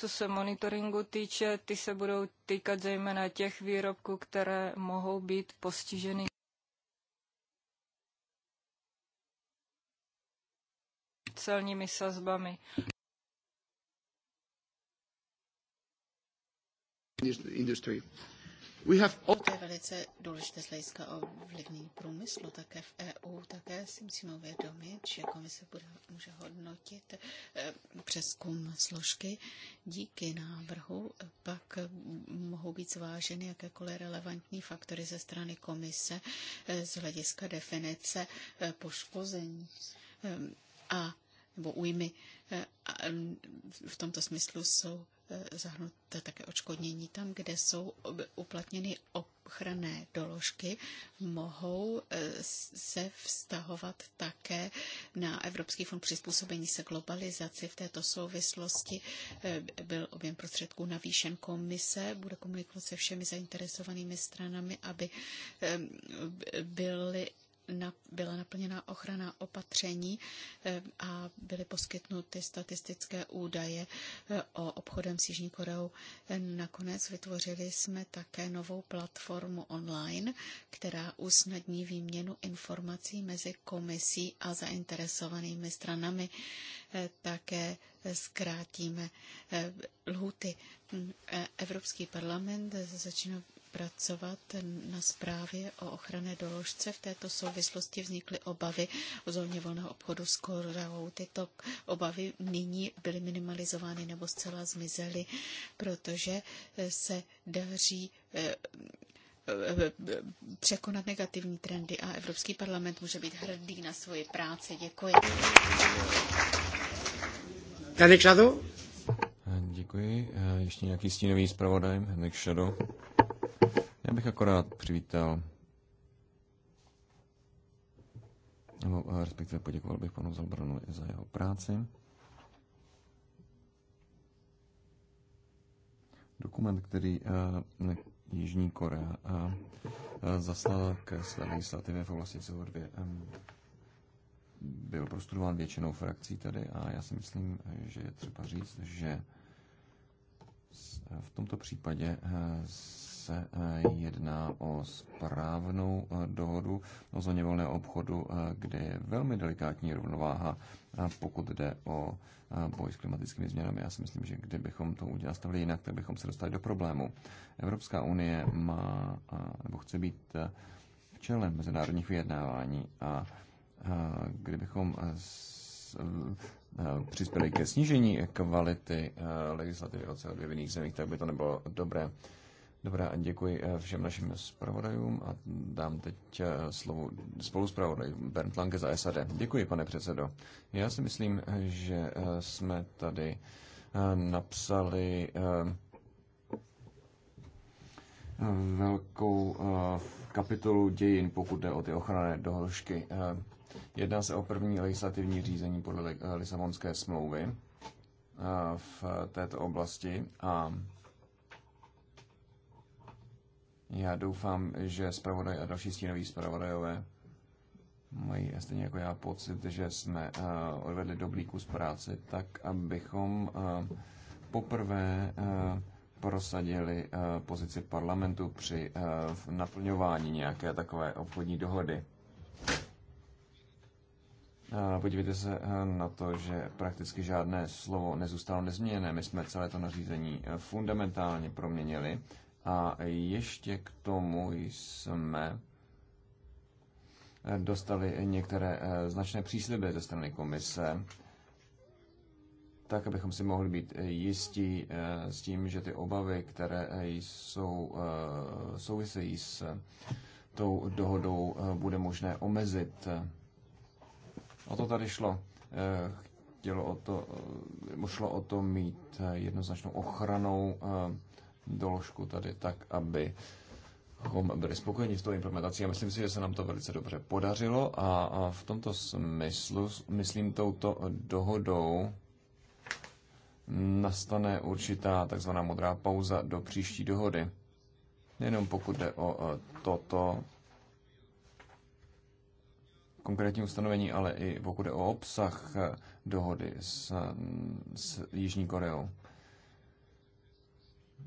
Co se monitoringu týče, ty se budou týkat zejména těch výrobků, které mohou být postiženy. celními sazbami. Industry. To je velice důležité z hlediska ovlivnění průmyslu také v EU. Také si musíme uvědomit, že komise bude, může hodnotit eh, přeskum složky. Díky návrhu pak mohou být zváženy jakékoliv relevantní faktory ze strany komise eh, z hlediska definice eh, poškození a nebo újmy v tomto smyslu jsou e, zahrnuté také očkodnění. Tam, kde jsou uplatněny ochranné doložky, mohou e, se vztahovat také na Evropský fond přizpůsobení se globalizaci. V této souvislosti e, byl objem prostředků navýšen komise, bude komunikovat se všemi zainteresovanými stranami, aby byly byla naplněna ochrana opatření eh, a byly poskytnuty statistické údaje eh, o obchodem s Jižní Koreou. Nakonec vytvořili jsme také novou platformu online, která usnadní výměnu informací mezi komisí a zainteresovanými stranami. Eh, také zkrátíme lhuty. Mm, Evropský parlament začíná pracovat na zprávě o ochranné doložce. V této souvislosti vznikly obavy o zóně volného obchodu s Koreou. Tyto obavy nyní byly minimalizovány nebo zcela zmizely, protože se daří eh, eh, překonat negativní trendy a Evropský parlament může být hrdý na svoji práci. Děkuji. Henrik Shadow? Děkuji. Eh, ještě nějaký stínový zpravodaj, Henrik Shadow. Já bych akorát přivítal nebo eh, respektive poděkoval bych panu Zalbranovi za jeho práci. Dokument, který uh, Jižní Korea uh, zaslala k své legislativě v oblasti CO2, um, byl prostudován většinou frakcí tady a já si myslím, že je třeba říct, že v tomto případě uh, se eh, jedná o správnou eh, dohodu o zóně volného obchodu, eh, kde je velmi delikátní rovnováha, pokud jde o boj s klimatickými změnami. Já si myslím, že kdybychom to udělali stavili jinak, tak bychom se dostali do problému. Evropská unie má, nebo chce být v čele mezinárodních vyjednávání a kdybychom s, přispěli ke snížení kvality legislativy o CO2 v jiných zemích, tak by to nebylo dobré. Dobrá, děkuji eh, všem našim zpravodajům a dám teď eh, slovo spoluzpravodaj Bernd Lange za SAD. Děkuji, pane předsedo. Já si myslím, že eh, jsme tady napsali velkou kapitolu dějin, pokud jde o ty ochranné dohložky. Jedná se o první legislativní řízení podle Lisabonské smlouvy v této oblasti a já doufám, že zpravodaj a další stínoví zpravodajové mají stejně jako já pocit, že jsme uh, odvedli dobrý kus práce, tak abychom uh, poprvé uh, prosadili uh, pozici parlamentu při uh, naplňování nějaké takové obchodní dohody. podívejte se na to, že prakticky žádné slovo nezůstalo nezměněné. My jsme celé to nařízení fundamentálně proměnili a ještě k tomu jsme dostali některé eh, značné přísliby ze strany komise, tak abychom si mohli být eh, jistí eh, s tím, že ty obavy, které jsou, souvisejí s tou dohodou, bude možné omezit. O to tady šlo. Chtělo o to, šlo o to mít jednoznačnou ochranou doložku tady tak, aby byli spokojeni s tou implementací. Já myslím si, že se nám to velice dobře podařilo a, a v tomto smyslu, myslím, touto dohodou nastane určitá takzvaná modrá pauza do příští dohody. Nejenom pokud jde o e, toto konkrétní ustanovení, ale i pokud jde o obsah dohody s, s Jižní Koreou.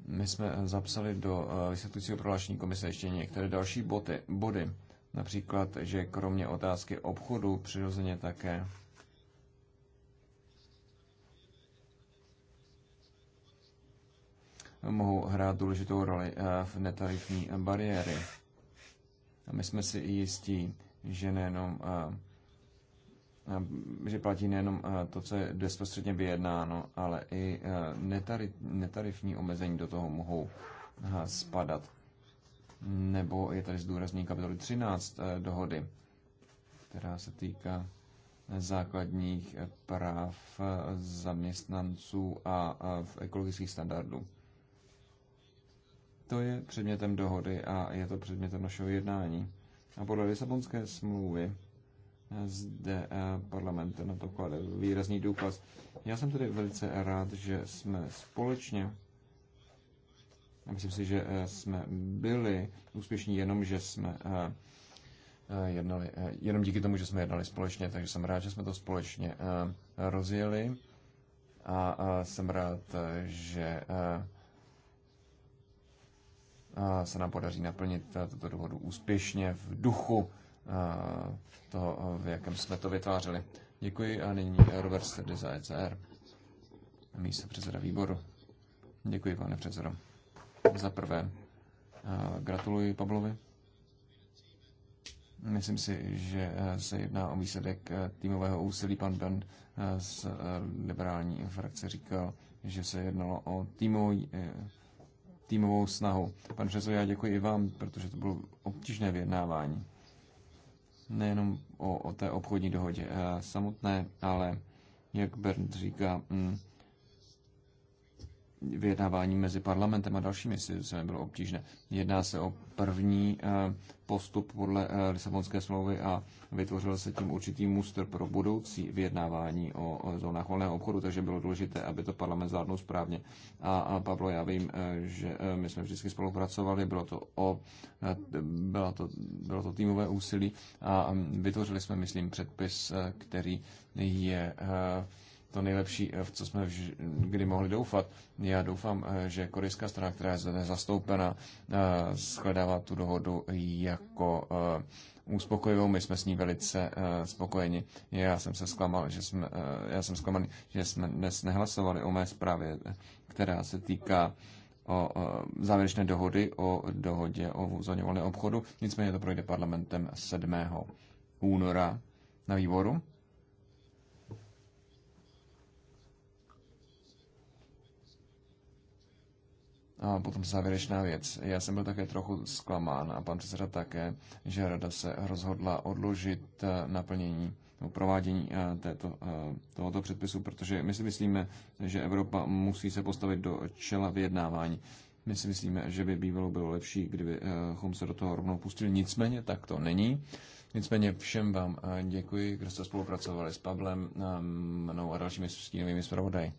My jsme eh, zapsali do eh, vysvětlujícího prohlášení komise ještě některé další body, body. Například, že kromě otázky obchodu přirozeně také mohou hrát důležitou roli eh, v netarifní bariéry. A my jsme si jistí, že nejenom Eh, že platí nejenom eh, to, co je bezprostředně vyjednáno, ale i eh, netarifní omezení do toho mohou spadat. Nebo je tady zdůrazní kapitoly 13 dohody, která se týká základních práv zaměstnanců a v ekologických standardů. To je předmětem dohody a je to předmětem našeho jednání. A podle Lisabonské smlouvy zde eh, parlament na to klade výrazný důkaz. Já jsem tedy velice rád, že jsme společně Myslím si, že eh, jsme byli úspěšní jenom, že jsme eh, jednali, jenom díky tomu, že jsme jednali společně, takže jsem rád, že jsme to společně rozjeli a jsem rád, že se nám podaří naplnit tuto dohodu úspěšně v duchu toho, v jakém jsme to vytvářeli. Děkuji a nyní Robert Stedy za ECR, místo předseda výboru. Děkuji, pane předsedo. Za prvé, gratuluji pablovi. Myslím si, že e, se jedná o výsledek e, týmového úsilí. Pan Ben e, z liberální frakce říkal, že se jednalo o týmový, týmovou snahu. Pan předsedo, já děkuji i vám, protože to bylo obtížné vyjednávání nejenom o, o té obchodní dohodě eh, samotné, ale jak Bernd říká, mm, vyjednávání mezi parlamentem a dalšími institucemi bylo obtížné. Jedná se o první eh, postup podle eh, Lisabonské smlouvy a vytvořil se tím určitý muster pro budoucí vyjednávání o zónách volného obchodu, takže bylo důležité, aby to parlament zvládnul správně. A Pablo, já vím, eh, že my jsme vždycky spolupracovali, bylo to, o, bylo to, bylo to týmové úsilí a vytvořili jsme, myslím, předpis, který je to nejlepší, eh, v co jsme kdy mohli doufat. Já doufám, eh, že korejská strana, která je zde zastoupena, eh, shledává tu dohodu jako uspokojivou. My jsme s ní velice spokojeni. Já jsem se zklamal, že jsme, já jsem zklamal, že jsme dnes nehlasovali o mé zprávě, která se týká o závěrečné dohody o dohodě o zóně volného obchodu. Nicméně to projde parlamentem 7. února na výboru. A potom závěrečná věc. Já jsem byl také trochu zklamán a pan předseda také, že rada se rozhodla odložit eh, naplnění provádění eh, této, eh, tohoto předpisu, protože my si myslíme, že Evropa musí se postavit do čela vyjednávání. My si myslíme, že by bývalo bylo lepší, kdybychom se do toho rovnou pustili. Nicméně tak to není. Nicméně všem vám děkuji, kdo jste spolupracovali s Pablem, mnou a dalšími stínovými zpravodaji.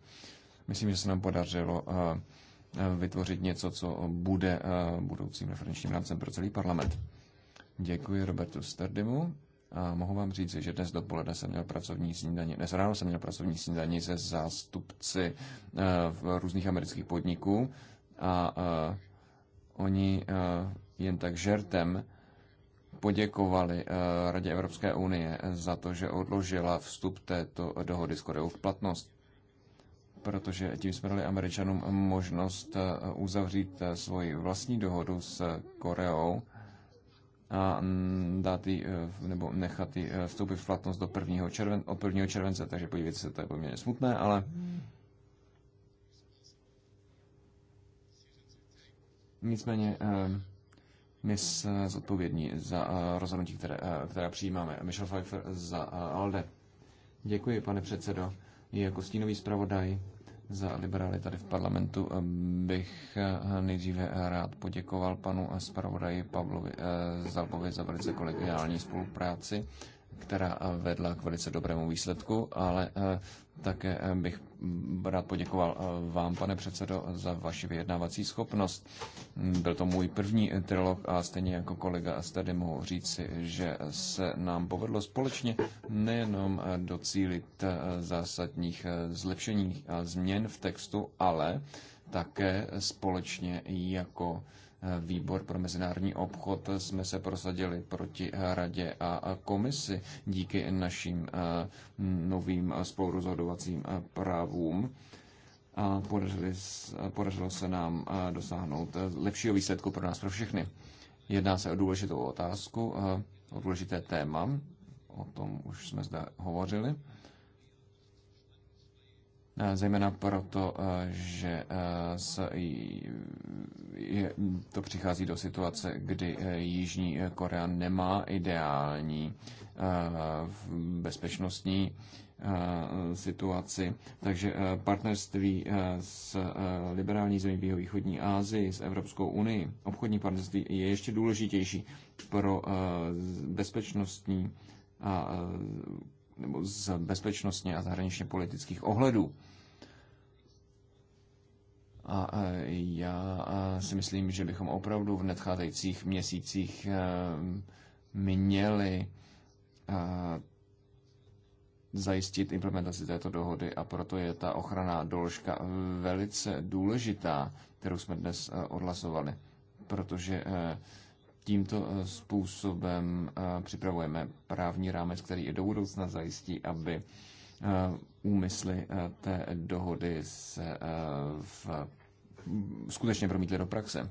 Myslím, že se nám podařilo Eh, vytvořit něco, co bude eh, budoucím referenčním rámcem pro celý parlament. Děkuji Robertu Sterdimu. A mohu vám říct, že dnes dopoledne jsem měl pracovní snídaní, dnes ráno jsem měl pracovní snídaní se zástupci eh, v různých amerických podniků a oni jen tak žertem poděkovali Radě Evropské unie za to, že odložila vstup této dohody s Koreou v platnost protože tím jsme dali Američanům možnost eh, uzavřít eh, svoji vlastní dohodu s Koreou a dát jí, eh, nebo nechat ji vstoupit v platnost do 1. Červen, od 1. července, takže podívejte se, to je poměrně smutné, ale nicméně my jsme zodpovědní za rozhodnutí, které, které přijímáme. Michel Pfeiffer za ALDE. Děkuji, pane předsedo. Jako stínový zpravodaj za liberály tady v parlamentu bych eh, nejdříve rád poděkoval panu eh, zpravodaji Pavlovi eh, Zalbovi za velice kolegiální spolupráci, která vedla k velice dobrému výsledku, ale také eh, bych rád poděkoval eh, vám, pane předsedo, za vaši vyjednávací schopnost. Mm, byl to můj první eh, trilog a stejně jako kolega tady mohu říci, že se nám povedlo společně nejenom docílit zásadních zlepšení a změn v textu, ale také společně jako výbor pro mezinárodní obchod jsme se prosadili proti radě a komisi díky našim eh, novým spolurozhodovacím eh, právům. A podařilo se nám eh, dosáhnout lepšího výsledku pro nás, pro všechny. Jedná se o důležitou otázku, o důležité téma, o tom už jsme zde hovořili. Eh, zejména proto, eh, že eh, to přichází do situace, kdy Jižní Korea nemá ideální bezpečnostní situaci. Takže partnerství s liberální zemí v východní Asii, s Evropskou unii, obchodní partnerství je ještě důležitější pro bezpečnostní a nebo z bezpečnostně a zahraničně politických ohledů. A já si myslím, že bychom opravdu v nadcházejících měsících eh, měli eh, zajistit implementaci této dohody a proto je ta ochrana doložka velice důležitá, kterou jsme dnes eh, odhlasovali, protože Tímto eh, způsobem eh, připravujeme právní rámec, který i do budoucna zajistí, aby eh, úmysly té dohody se v, skutečně promítly do praxe.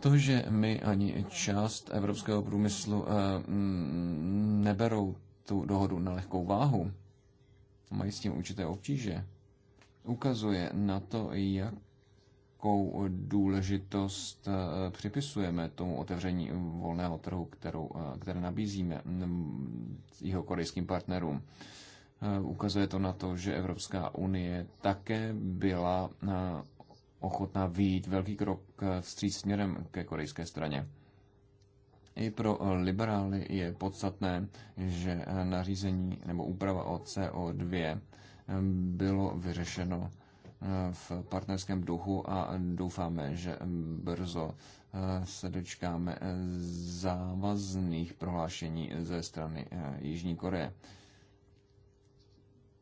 To, že my ani část evropského průmyslu neberou tu dohodu na lehkou váhu, mají s tím určité obtíže, ukazuje na to, jak jakou důležitost eh, připisujeme tomu otevření volného trhu, kterou, eh, které nabízíme mm, jeho korejským partnerům. Eh, ukazuje to na to, že Evropská unie také byla ochotná výjít velký krok vstříc směrem ke korejské straně. I pro liberály je podstatné, že nařízení nebo úprava o CO2 bylo vyřešeno v partnerském duchu a doufáme, že brzo eh, se dočkáme eh, závazných prohlášení ze strany eh, Jižní Koreje.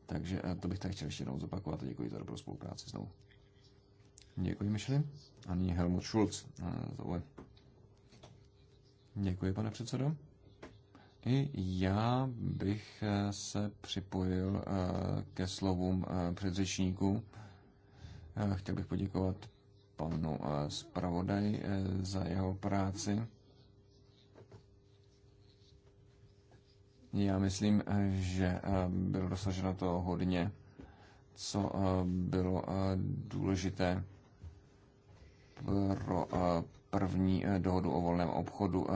Takže to bych tak chtěl ještě jednou zopakovat a děkuji za dobrou spolupráci znovu. Děkuji, Michely. A nyní Helmut Schulz. Zaule. Děkuji, pane předsedo. I já bych se připojil ke slovům předřečníků Chtěl bych poděkovat panu eh, zpravodaj eh, za jeho práci. Já myslím, eh, že bylo dosaženo toho hodně, co bylo důležité pro první dohodu o volném obchodu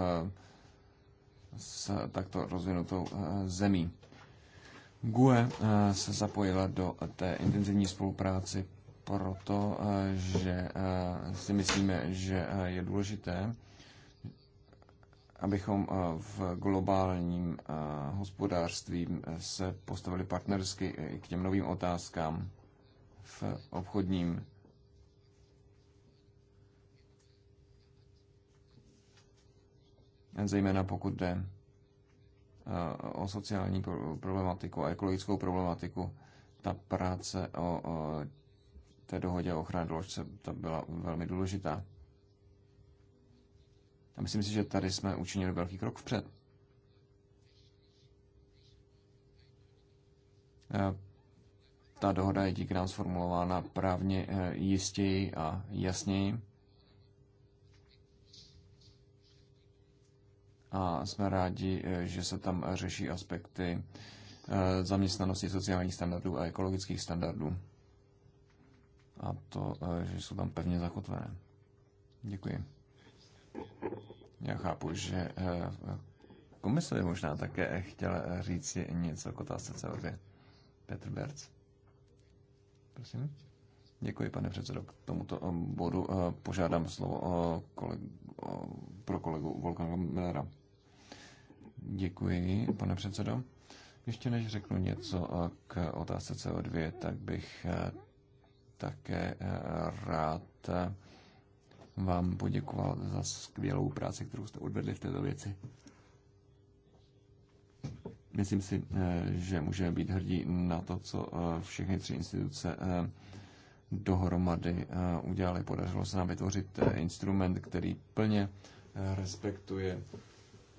s takto rozvinutou zemí. GUE se zapojila do té intenzivní spolupráci proto, eh, že eh, si myslíme, že eh, je důležité, abychom v globálním hospodářství se postavili partnersky k těm novým otázkám v obchodním zejména pokud jde o sociální problematiku a ekologickou problematiku. Ta práce o té dohodě o ochraně doložce, ta byla velmi důležitá. A myslím si, že tady jsme učinili velký krok vpřed. Eh, ta dohoda je díky nám sformulována právně eh, jistěji a jasněji. A jsme rádi, eh, že se tam řeší aspekty zaměstnanosti sociálních standardů a ekologických standardů a to, e, že jsou tam pevně zakotvené. Děkuji. Já chápu, že e, komise by možná také chtěla říct něco k otázce CO2. Petr Berc. Prosím. Děkuji, pane předsedo. K tomuto e, bodu požádám slovo kolegu, pro kolegu Volkana Millera. Děkuji, pane předsedo. Ještě než řeknu něco k otázce CO2, tak bych také eh, rád eh, vám poděkoval za skvělou práci, kterou jste odvedli v této věci. Myslím si, eh, že můžeme být hrdí na to, co všechny tři instituce dohromady udělali. Podařilo se nám vytvořit instrument, který plně respektuje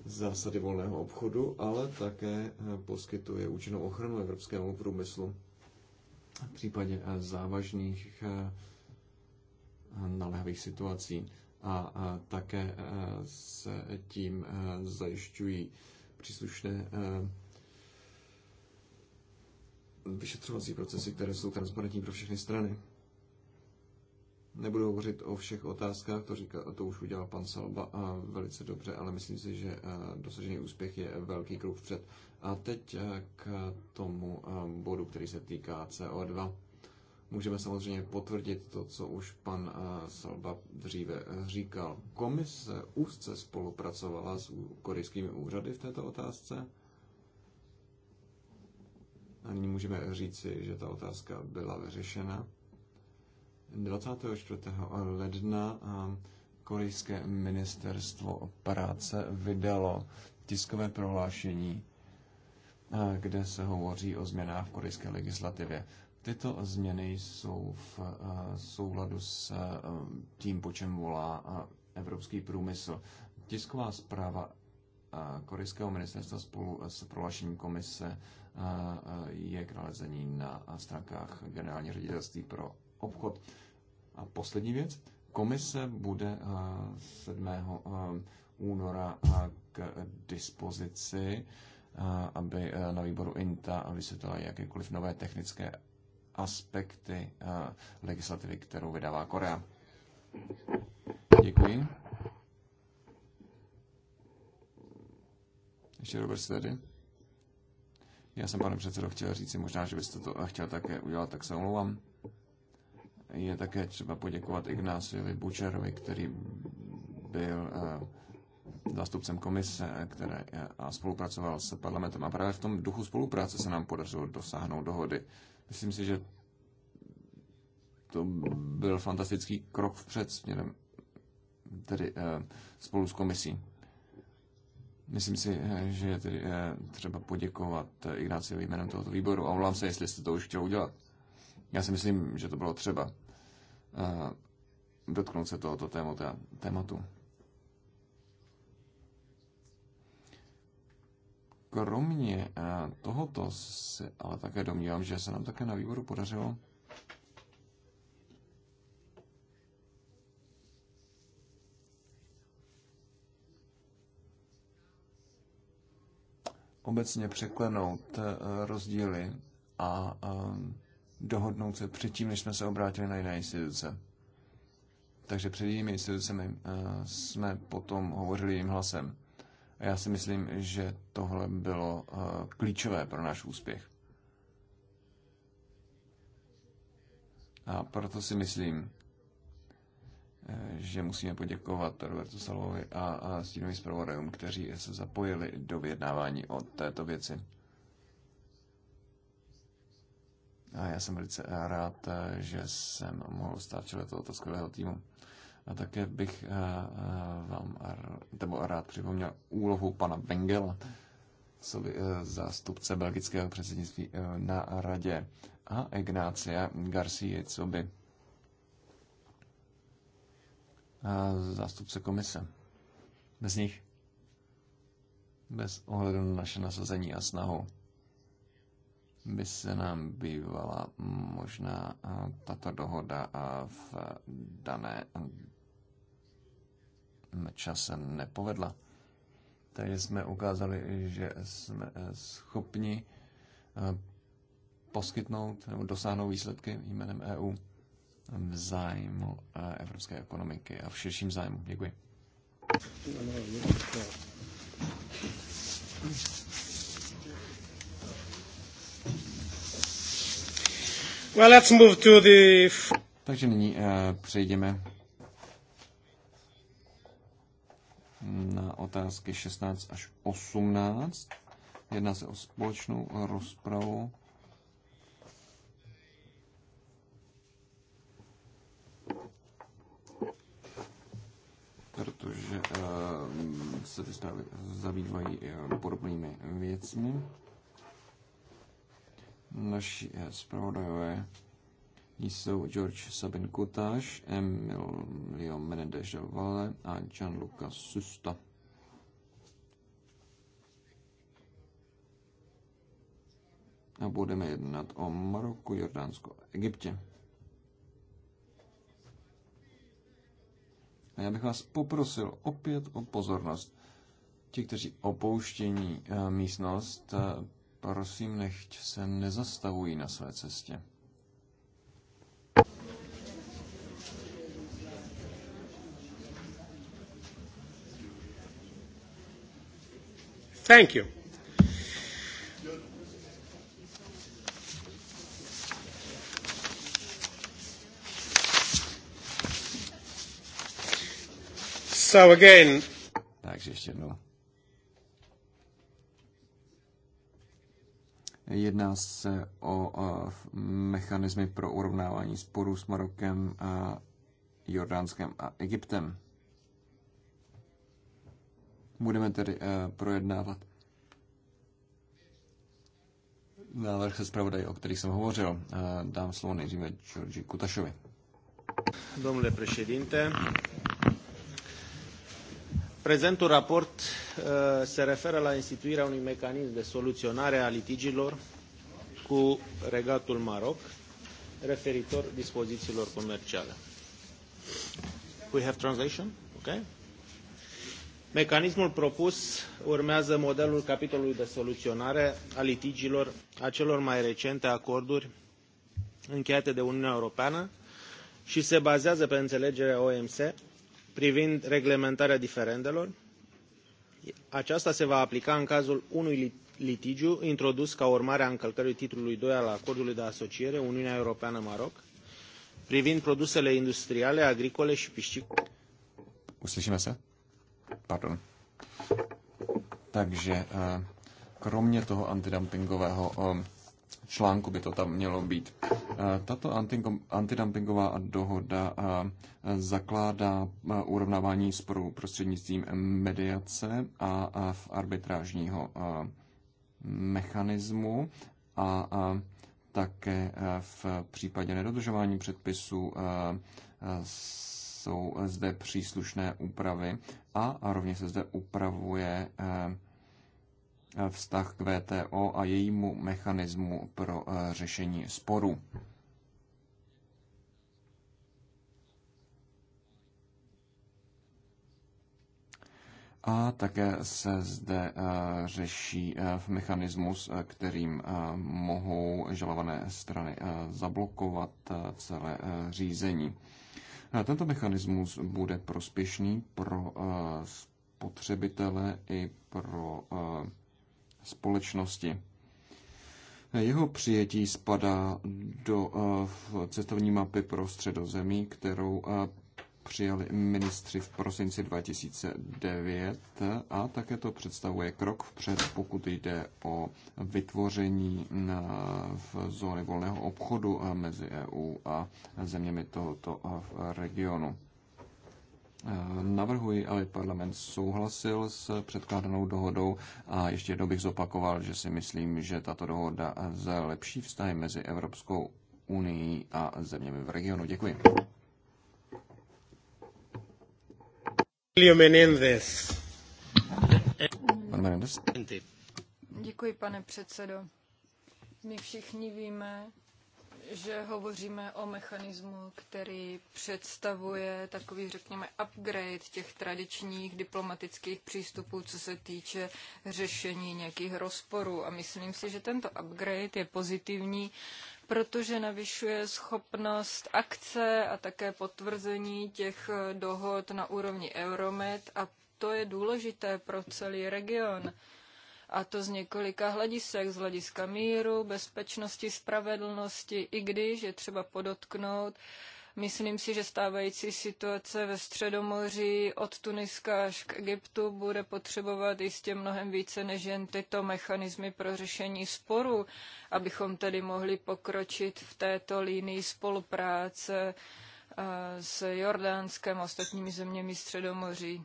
zásady volného obchodu, ale také poskytuje účinnou ochranu evropskému průmyslu v případě eh, závažných eh, naléhavých situací a eh, také se tím zajišťují příslušné vyšetřovací procesy, které jsou transparentní pro všechny strany. Nebudu hovořit o všech otázkách, to, říká, to už udělal pan Salba velice dobře, ale myslím si, že dosažený úspěch je velký krok vpřed. A teď k tomu bodu, který se týká CO2. Můžeme samozřejmě potvrdit to, co už pan Salba dříve říkal. Komise úzce spolupracovala s korejskými úřady v této otázce. A nyní můžeme říci, že ta otázka byla vyřešena. 24. ledna korejské ministerstvo práce vydalo tiskové prohlášení, kde se hovoří o změnách v korejské legislativě. Tyto změny jsou v souladu s tím, po čem volá evropský průmysl. Tisková zpráva korejského ministerstva spolu s prohlášením komise je k nalezení na stránkách generální ředitelství pro obchod. A poslední věc. Komise bude 7. Eh, eh, února eh, k dispozici, aby na výboru INTA vysvětlila jakékoliv nové technické aspekty legislativy, kterou vydává Korea. Děkuji. Ještě Robert Svedy. Já jsem, pane předsedo, chtěl říct si možná, že byste to chtěl také udělat, tak se omlouvám. Je také třeba poděkovat Ignáciovi Bučerovi, který byl eh, zástupcem komise které, eh, a spolupracoval s parlamentem. A právě v tom duchu spolupráce se nám podařilo dosáhnout dohody. Myslím si, že to byl fantastický krok vpřed směrem tedy eh, spolu s komisí. Myslím si, že je tedy třeba poděkovat Ignáciovi jménem tohoto výboru a omlouvám se, jestli jste to už chtěl udělat. Já si myslím, že to bylo třeba dotknout se tohoto témata, tématu. Kromě eh, tohoto se ale také domnívám, že se nám také na výboru podařilo obecně překlenout eh, rozdíly a eh, dohodnout se předtím, než jsme se obrátili na jiné instituce. Takže před jinými institucemi eh, jsme potom hovořili jiným hlasem. A já si myslím, že tohle bylo eh, klíčové pro náš úspěch. A proto si myslím, eh, že musíme poděkovat Robertu Salovi a stínovým zpravodajům, kteří se zapojili do vyjednávání o této věci. A já jsem velice rád, eh, že jsem mohl stát čele tohoto skvělého týmu. A také bych eh, eh, vám nebo rád připomněl úlohu pana Bengela, zástupce belgického předsednictví na radě a Ignácia Garcia, co by zástupce komise. Bez nich, bez ohledu na naše nasazení a snahu by se nám bývala možná tato dohoda v dané čase nepovedla. Takže jsme ukázali, že jsme e, schopni e, poskytnout nebo dosáhnout výsledky jménem EU v zájmu e, evropské ekonomiky a v širším zájmu. Děkuji. Well, let's move to the... Takže nyní uh, přejdeme na otázky 16 až 18. Jedná se o společnou rozpravu. protože uh, se ty zprávy zabývají uh, podobnými věcmi. Naši zpravodajové jsou George Sabin Kutáš, Emilio Menendez del Valle a Gianluca Susta. A budeme jednat o Maroku, Jordánsko a Egyptě. A já bych vás poprosil opět o pozornost. Ti, kteří opouštění eh, místnost, eh, prosím, nechť se nezastavují na své cestě. Thank you. So again. Takže ještě jednou. Jedná se o mechanismy pro urovnávání sporů s Marokem, Jordánskem a Egyptem. Budeme tedy eh, projednávat návrh se zpravodají, o kterých jsem hovořil. Eh, dám slovo nejdříve Georgi Kutašovi. Domnule președinte, Prezentul raport uh, se referă la instituirea unui mecanism de soluționare a litigiilor cu regatul Maroc referitor dispozițiilor comerciale. We have translation? Okay. Mecanismul propus urmează modelul capitolului de soluționare a litigiilor a celor mai recente acorduri încheiate de Uniunea Europeană și se bazează pe înțelegerea OMC privind reglementarea diferendelor. Aceasta se va aplica în cazul unui litigiu introdus ca urmare a încălcării titlului 2 al acordului de asociere Uniunea Europeană-Maroc privind produsele industriale, agricole și piscicole. Uslyšíme se? Pardon. Takže eh, kromě toho antidumpingového článku by to tam mělo být. Eh, tato antidumpingová dohoda eh, zakládá eh, urovnávání sporů prostřednictvím mediace a v arbitrážního mechanismu a také v případě nedodržování předpisů jsou zde příslušné úpravy a rovněž se zde upravuje Eh, vztah k VTO a jejímu mechanismu pro eh, řešení sporů. A také se zde eh, řeší v mechanismus, kterým mohou žalované strany zablokovat celé řízení. Tento mechanismus bude prospěšný pro spotřebitele i pro společnosti. Jeho přijetí spadá do eh, cestovní mapy pro středozemí, kterou eh, přijali ministři v prosinci 2009 a také to představuje krok vpřed, pokud jde o vytvoření eh, v zóny volného obchodu mezi EU a zeměmi tohoto regionu. Navrhuji, aby parlament souhlasil s předkládanou dohodou a ještě jednou bych zopakoval, že si myslím, že tato dohoda zlepší vztahy mezi Evropskou unii a zeměmi v regionu. Děkuji. Pan Menendez. Děkuji, pane předsedo. My všichni víme, že hovoříme o mechanismu, který představuje takový, řekněme, upgrade těch tradičních diplomatických přístupů, co se týče řešení nějakých rozporů. A myslím si, že tento upgrade je pozitivní, protože navyšuje schopnost akce a také potvrzení těch dohod na úrovni Euromed a to je důležité pro celý region. A to z několika hledisek, z hlediska míru, bezpečnosti, spravedlnosti, i když je třeba podotknout, Myslím si, že stávající situace ve Středomoří od Tuniska až k Egyptu bude potřebovat jistě mnohem více než jen tyto mechanismy pro řešení sporů, abychom tedy mohli pokročit v této línii spolupráce s Jordánskem a ostatními zeměmi Středomoří.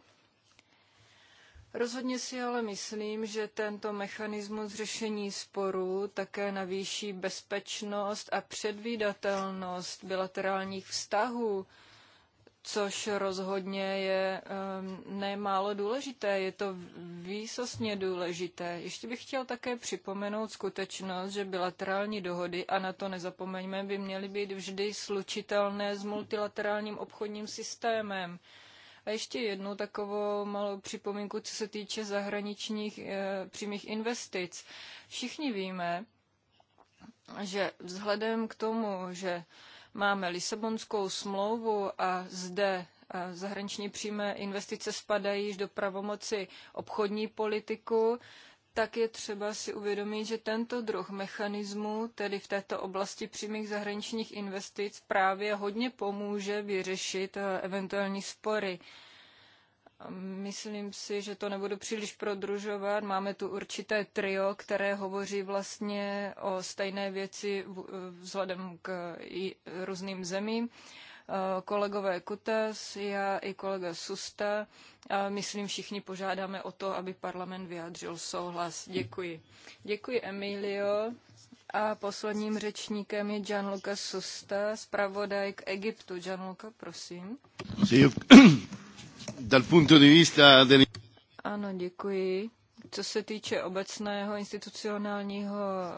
Rozhodně si ale myslím, že tento mechanismus řešení sporů také navýší bezpečnost a předvídatelnost bilaterálních vztahů, což rozhodně je nemálo důležité, je to výsostně důležité. Ještě bych chtěl také připomenout skutečnost, že bilaterální dohody, a na to nezapomeňme, by měly být vždy slučitelné s multilaterálním obchodním systémem. A ještě jednu takovou malou připomínku, co se týče zahraničních e, přímých investic. Všichni víme, že vzhledem k tomu, že máme Lisabonskou smlouvu a zde eh, zahraniční přímé investice spadají již do pravomoci obchodní politiku, tak je třeba si uvědomit, že tento druh mechanismu, tedy v této oblasti přímých zahraničních investic, právě hodně pomůže vyřešit eh, eventuální spory. Myslím si, že to nebudu příliš prodružovat. Máme tu určité trio, které hovoří vlastně o stejné věci eh, vzhledem k eh, různým zemím. Eh, kolegové Kutas, já i kolega Susta, a myslím všichni požádáme o to, aby parlament vyjádřil souhlas. Děkuji. Děkuji Emilio. A posledním řečníkem je Gianluca Susta, zpravodaj k Egyptu. Gianluca, prosím. (clears throat) Dal punto di vista del... Ano, děkuji. Co se týče obecného institucionálního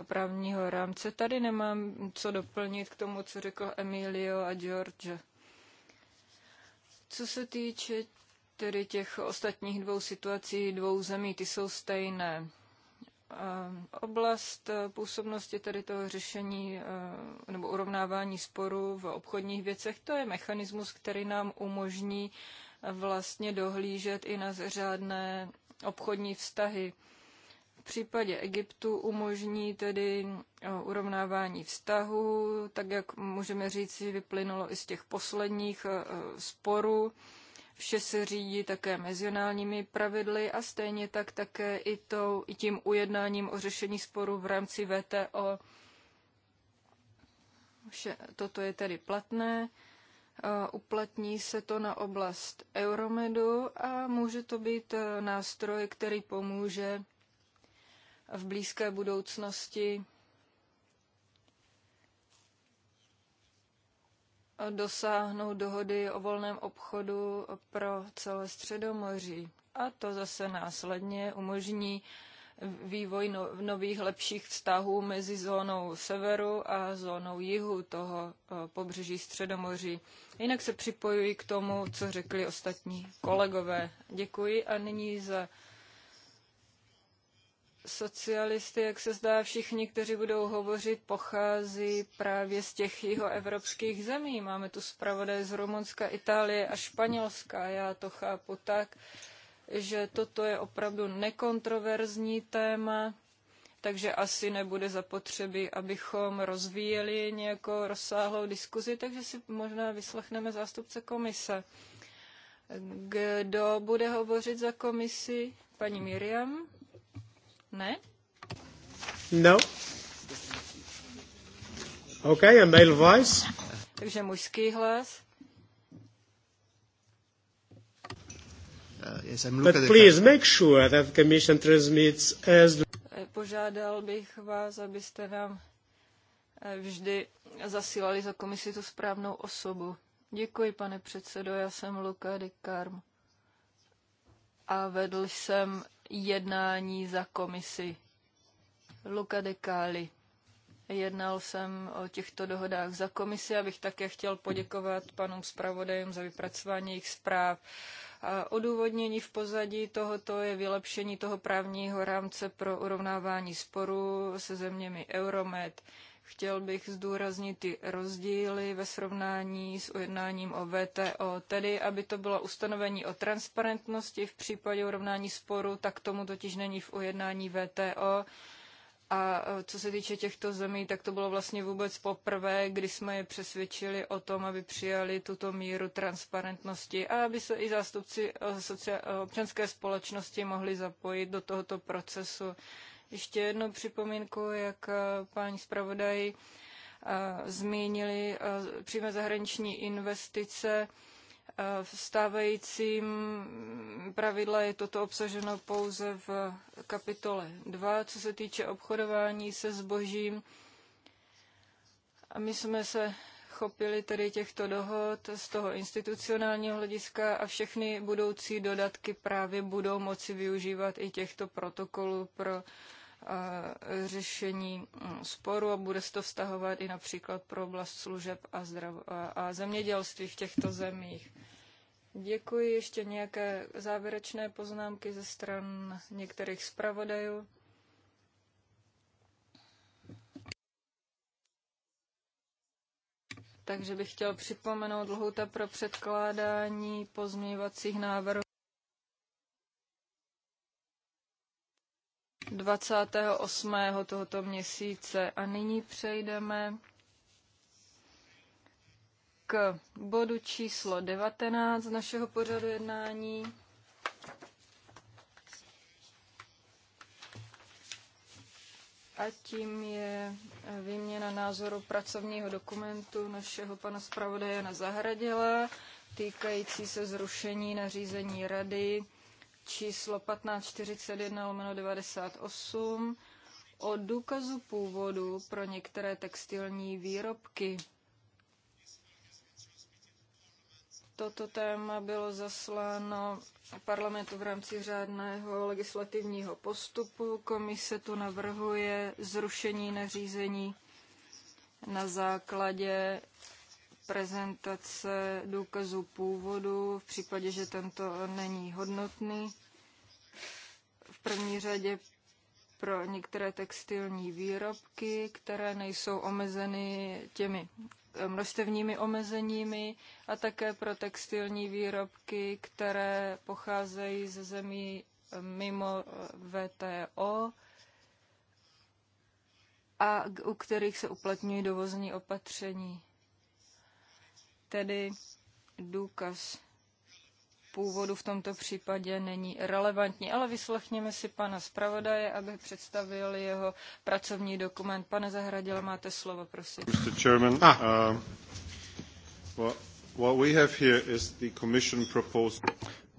právního rámce, tady nemám co doplnit k tomu, co řekl Emilio a George. Co se týče tedy těch ostatních dvou situací, dvou zemí, ty jsou stejné. Oblast působnosti tedy toho řešení eh, nebo urovnávání sporů v obchodních věcech, to je mechanismus, který nám umožní vlastně dohlížet i na řádné obchodní vztahy. V případě Egyptu umožní tedy eh, urovnávání vztahu, tak jak můžeme říct, vyplynulo i z těch posledních eh, eh, sporů. Vše se řídí také mezionálními pravidly a stejně tak také i, to, i tím ujednáním o řešení sporu v rámci VTO. Vše, toto je tedy platné uplatní se to na oblast Euromedu a může to být e, nástroj, který pomůže v blízké budoucnosti dosáhnout dohody o volném obchodu pro celé Středomoří. A to zase následně umožní vývoj no, nových lepších vztahů mezi zónou severu a zónou jihu toho eh, pobřeží Středomoří. Jinak se připojuji k tomu, co řekli ostatní kolegové. Děkuji a nyní za socialisty, jak se zdá, všichni, kteří budou hovořit, pochází právě z těch jihoevropských zemí. Máme tu zpravodaje z Rumunska, Itálie a Španělska. Já to chápu tak, že toto je opravdu nekontroverzní téma, takže asi nebude zapotřebí, abychom rozvíjeli nějakou rozsáhlou diskuzi, takže si možná vyslechneme zástupce komise. Kdo bude hovořit za komisi? Paní Miriam? Ne? No. OK, a male voice. Takže mužský hlas. Eh, yes, I'm But please the... make sure that the Commission transmits as eh, Požádal bych vás, abyste nám eh, vždy zasílali za komisi tu správnou osobu. Děkuji, pane předsedo, já jsem Luka de Karm a vedl jsem jednání za komisi. Luka de Kali. Jednal jsem o těchto dohodách za komisi, abych také chtěl poděkovat panům zpravodajům za vypracování jejich zpráv. A odůvodnění v pozadí tohoto je vylepšení toho právního rámce pro urovnávání sporů se zeměmi Euromed. Chtěl bych zdůraznit ty rozdíly ve srovnání s ujednáním o VTO, tedy aby to bylo ustanovení o transparentnosti v případě urovnání sporu, tak tomu totiž není v ujednání VTO a e, co se týče těchto zemí, tak to bylo vlastně vůbec poprvé, kdy jsme je přesvědčili o tom, aby přijali tuto míru transparentnosti a aby se i zástupci e, e, občanské společnosti mohli zapojit do tohoto procesu. Ještě jednu připomínku, jak paní zpravodaj zmínili, přímé zahraniční investice Eh, v stávajícím pravidle je toto obsaženo pouze v kapitole 2, co se týče obchodování se zbožím. A my jsme se chopili tedy těchto dohod z toho institucionálního hlediska a všechny budoucí dodatky právě budou moci využívat i těchto protokolů pro uh, řešení mm, sporu a bude se to vztahovat i například pro oblast služeb a, zdrav, a zemědělství v těchto zemích. Děkuji. Ještě nějaké závěrečné poznámky ze stran některých zpravodajů? Takže bych chtěl připomenout lhůta pro předkládání pozměňovacích návrhů. 28. tohoto měsíce. A nyní přejdeme k bodu číslo 19 našeho pořadu jednání. A tím je výměna názoru pracovního dokumentu našeho pana zpravodaje na Zahradila, týkající se zrušení nařízení Rady číslo 1541 lomeno 98 o důkazu původu pro některé textilní výrobky. Toto téma bylo zasláno parlamentu v rámci řádného legislativního postupu. Komise tu navrhuje zrušení nařízení na základě prezentace důkazu původu v případě, že tento není hodnotný. V první řadě pro některé textilní výrobky, které nejsou omezeny těmi eh, množstevními omezeními a také pro textilní výrobky, které pocházejí ze zemí eh, mimo eh, VTO a u kterých se uplatňují dovozní opatření tedy důkaz původu v tomto případě není relevantní, ale vyslechněme si pana zpravodaje, aby představil jeho pracovní dokument. Pane Zahradil, máte slovo, prosím. Mr. Chairman, ah. uh, what, what we have here is the commission proposal.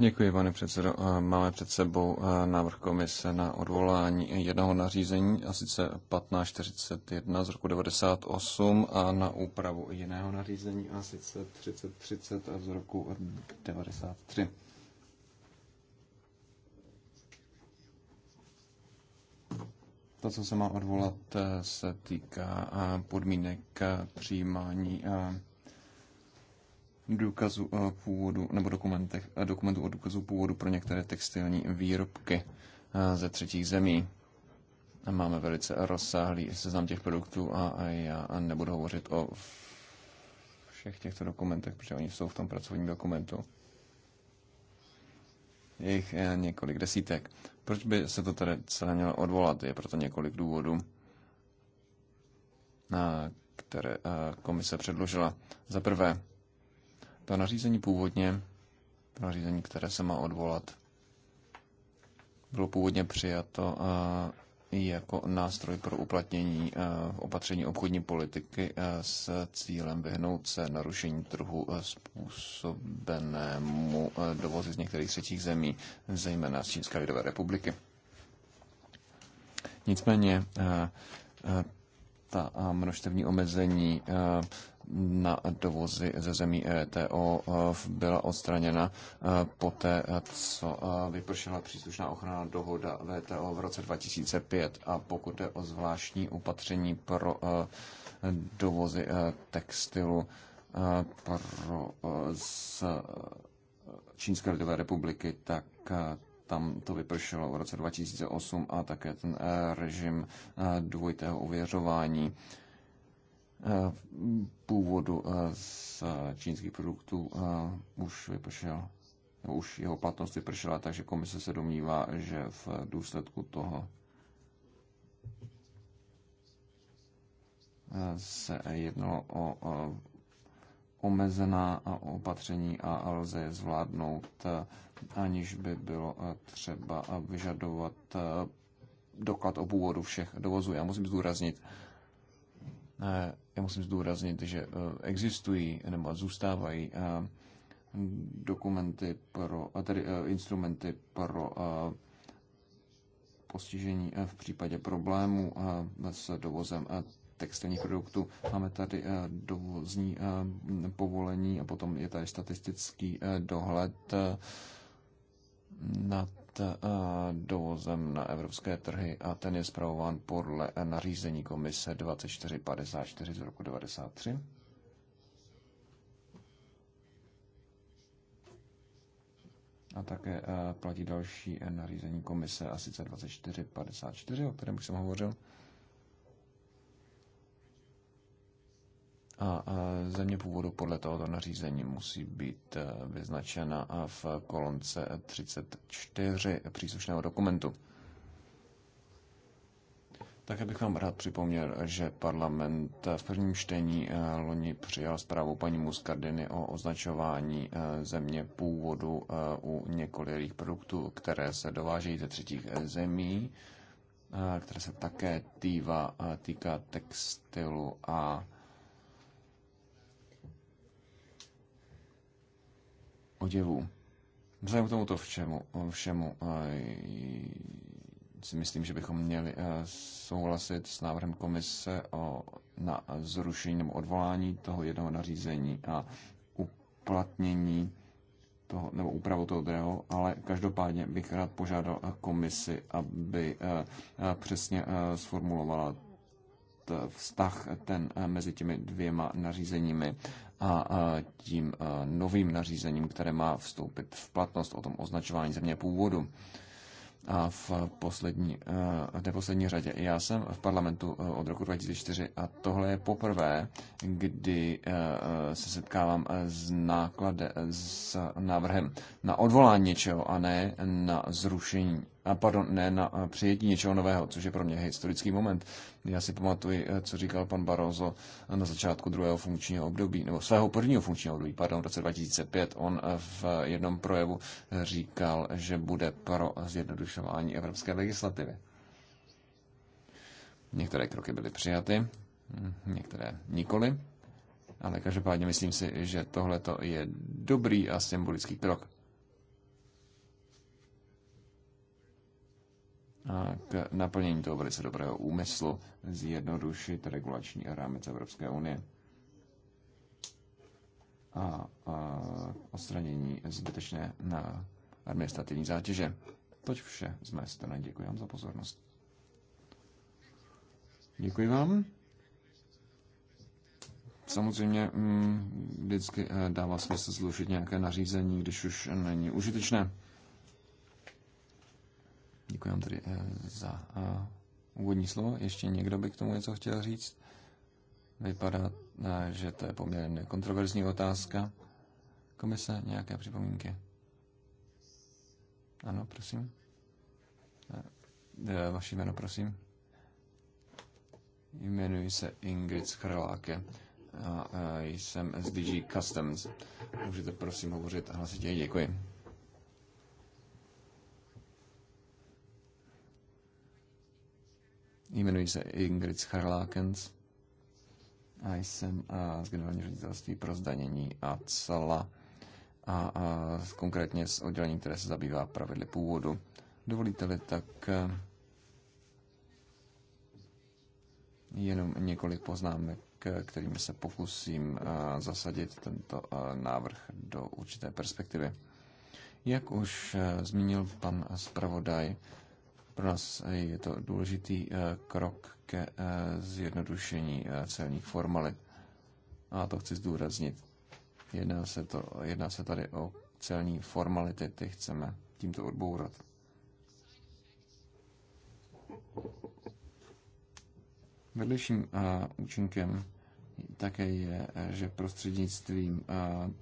Děkuji, pane předsedo. Eh, máme před sebou eh, návrh komise na odvolání jednoho nařízení, a sice 1541 z roku 98 a na úpravu jiného nařízení, a sice 3030 z roku 93. To, co se má odvolat, eh, se týká podmínek přijímání důkazu eh, původu nebo dokumentech, eh, dokumentů o důkazu původu pro některé textilní výrobky eh, ze třetích zemí. Máme velice rozsáhlý seznam těch produktů a já nebudu hovořit o všech těchto dokumentech, protože oni jsou v tom pracovním dokumentu. Je jich několik desítek. Proč by se to tady celé mělo odvolat? Je proto několik důvodů, které komise předložila. Za prvé, to nařízení původně, to nařízení, které se má odvolat, bylo původně přijato eh, jako nástroj pro uplatnění eh, opatření obchodní politiky eh, s cílem vyhnout se narušení trhu způsobenému dovozy z některých třetích zemí, zejména z Čínské lidové republiky. Nicméně ta množstevní omezení na dovozy ze zemí ETO eh, byla odstraněna eh, poté, eh, co vypršela příslušná ochrana dohoda VTO v roce 2005 a pokud je o zvláštní upatření pro dovozy textilu pro, z Čínské lidové republiky, tak tam to vypršelo v roce 2008 a také ten režim dvojitého uvěřování. Eh, původu eh, z čínských produktů eh, už vypršel, už jeho platnost vypršela, takže komise se domnívá, že v důsledku toho se jednalo o omezená opatření a lze je zvládnout, aniž by bylo třeba vyžadovat doklad o původu všech dovozů. Já musím zdůraznit, já musím zdůraznit, že e, existují nebo zůstávají e, dokumenty pro, tedy e, instrumenty pro postižení v případě problémů s dovozem textilních produktů. Máme tady dovozní povolení a potom je tady statistický dohled nad Eh, dovozem na evropské trhy a ten je zpravován podle nařízení komise 2454 z roku 93. A také eh, platí další eh, nařízení komise a sice 2454, o kterém už jsem hovořil. a země původu podle tohoto nařízení musí být e, vyznačena v kolonce 34 příslušného dokumentu. Také bych vám rád připomněl, že parlament e, v prvním čtení e, loni přijal zprávu paní Muscardiny o označování země původu u několik produktů, které se dovážejí ze třetích zemí, které se také týva, týká textilu a oděvů. Vzhledem k tomuto všemu, všemu eh, si myslím, že bychom měli eh, souhlasit s návrhem komise o, na zrušení nebo odvolání toho jednoho nařízení a uplatnění toho, nebo úpravu toho druhého, ale každopádně bych rád požádal eh, komisi, aby přesně sformulovala Eh, vztah ten eh, mezi těmi dvěma nařízeními a eh, tím novým nařízením, které má vstoupit v platnost o tom označování země původu. A v poslední, v neposlední řadě, já jsem v parlamentu od roku 2004 a tohle je poprvé, kdy se setkávám s náklade, s návrhem na odvolání něčeho a ne na zrušení a pardon, ne na eh, přijetí něčeho nového, což je pro mě historický moment. Já si pamatuji, eh, co říkal pan Barroso eh, na začátku druhého funkčního období, nebo svého prvního funkčního období, pardon, v roce 2005. On v jednom projevu říkal, že bude pro zjednodušování evropské legislativy. Některé kroky byly přijaty, hm, některé nikoli, ale každopádně myslím si, že tohle je dobrý a symbolický krok. k naplnění toho velice dobrého úmyslu zjednodušit regulační rámec Evropské unie a, a odstranění zbytečné na administrativní zátěže. Toť vše z mé strany. Děkuji vám za pozornost. Děkuji vám. Samozřejmě mm, vždycky eh, dává smysl zlušit nějaké nařízení, když už není užitečné. Děkuji vám tedy eh, za eh, úvodní slovo. Ještě někdo by k tomu něco chtěl říct? Vypadá, eh, že to je poměrně kontroverzní otázka. Komise, nějaké připomínky? Ano, prosím. Vaše jméno, prosím. Jmenuji se Ingrid Schrláke a jsem z Customs. Můžete prosím hovořit hlasitě. Děkuji. Jmenuji se Ingrid Scharlákens a jsem z generálního ředitelství pro zdanění a cela a, a konkrétně s oddělením, které se zabývá pravidly původu. Dovolíte-li, tak jenom několik poznámek, kterými se pokusím zasadit tento návrh do určité perspektivy. Jak už zmínil pan zpravodaj, pro nás je to důležitý eh, krok ke eh, zjednodušení eh, celních formalit. A to chci zdůraznit. Jedná se, to, jedná se tady o celní formality, ty chceme tímto odbourat. Vedlejším účinkem také je, že prostřednictvím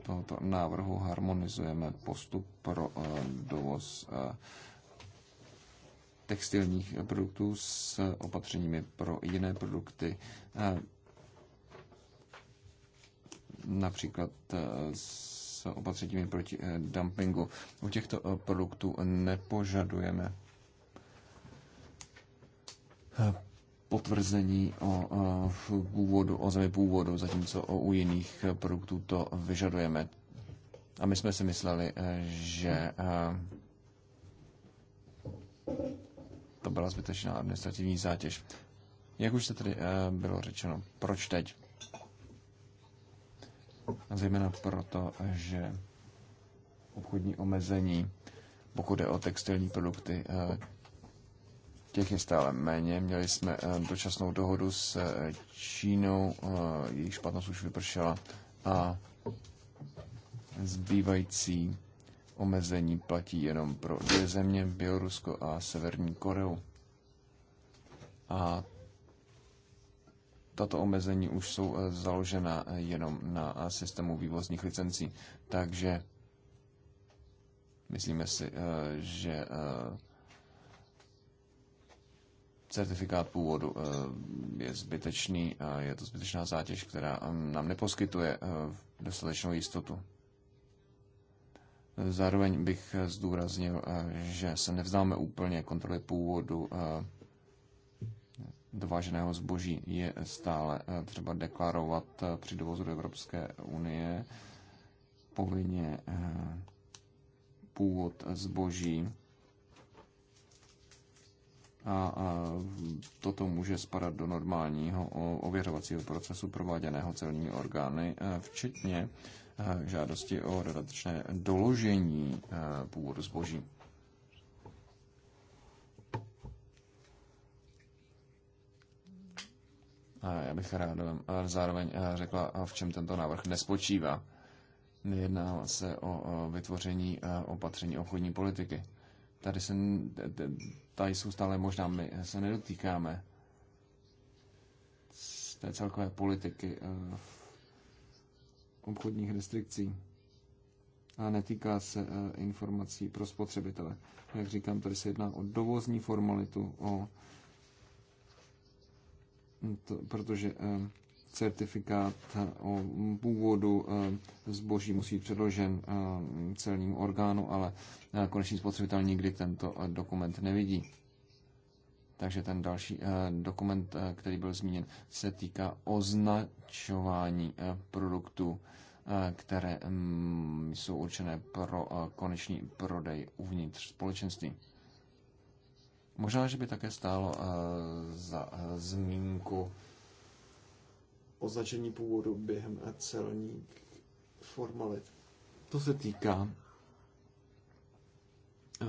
tohoto návrhu harmonizujeme postup pro dovoz textilních produktů s opatřeními pro jiné produkty, například e, s opatřeními proti e, dumpingu. U těchto e, produktů nepožadujeme potvrzení o původu, o zemi původu, zatímco u jiných produktů to vyžadujeme. A my jsme si mysleli, že to byla zbytečná administrativní zátěž. Jak už se tedy eh, bylo řečeno, proč teď? A zejména proto, že obchodní omezení, pokud jde o textilní produkty, eh, těch je stále méně. Měli jsme eh, dočasnou dohodu s Čínou, jejich špatnost už vypršela a zbývající omezení platí jenom pro dvě země, Bělorusko a Severní Koreu. A tato omezení už jsou eh, založena eh, jenom na eh, systému vývozních licencí. Takže myslíme si, že certifikát původu je zbytečný a je to zbytečná zátěž, která nám neposkytuje dostatečnou jistotu. Zároveň bych zdůraznil, eh, že se nevzdáme úplně kontroly původu eh, dováženého zboží. Je stále eh, třeba deklarovat při dovozu do Evropské unie povinně původ zboží. A toto může spadat do normálního ověřovacího procesu prováděného celními orgány, včetně k eh, žádosti o dodatečné doložení eh, původu zboží. A já bych rád eh, zároveň řekla, v čem tento návrh nespočívá. Nejedná se o vytvoření opatření obchodní politiky. Tady, se, tady jsou stále možná, my se nedotýkáme z té celkové politiky v obchodních restrikcí a netýká se e, informací pro spotřebitele. Jak říkám, tady se jedná o dovozní formalitu, o to, protože e, certifikát e, o původu zboží musí být předložen celnímu orgánu, ale konečný spotřebitel nikdy tento dokument nevidí. Takže ten další eh, dokument, eh, který byl zmíněn, se týká označování eh, produktů, které mm, jsou určené pro konečný prodej uvnitř společenství. Možná, že by také stálo za zmínku označení původu během celní formalit. To se týká eh,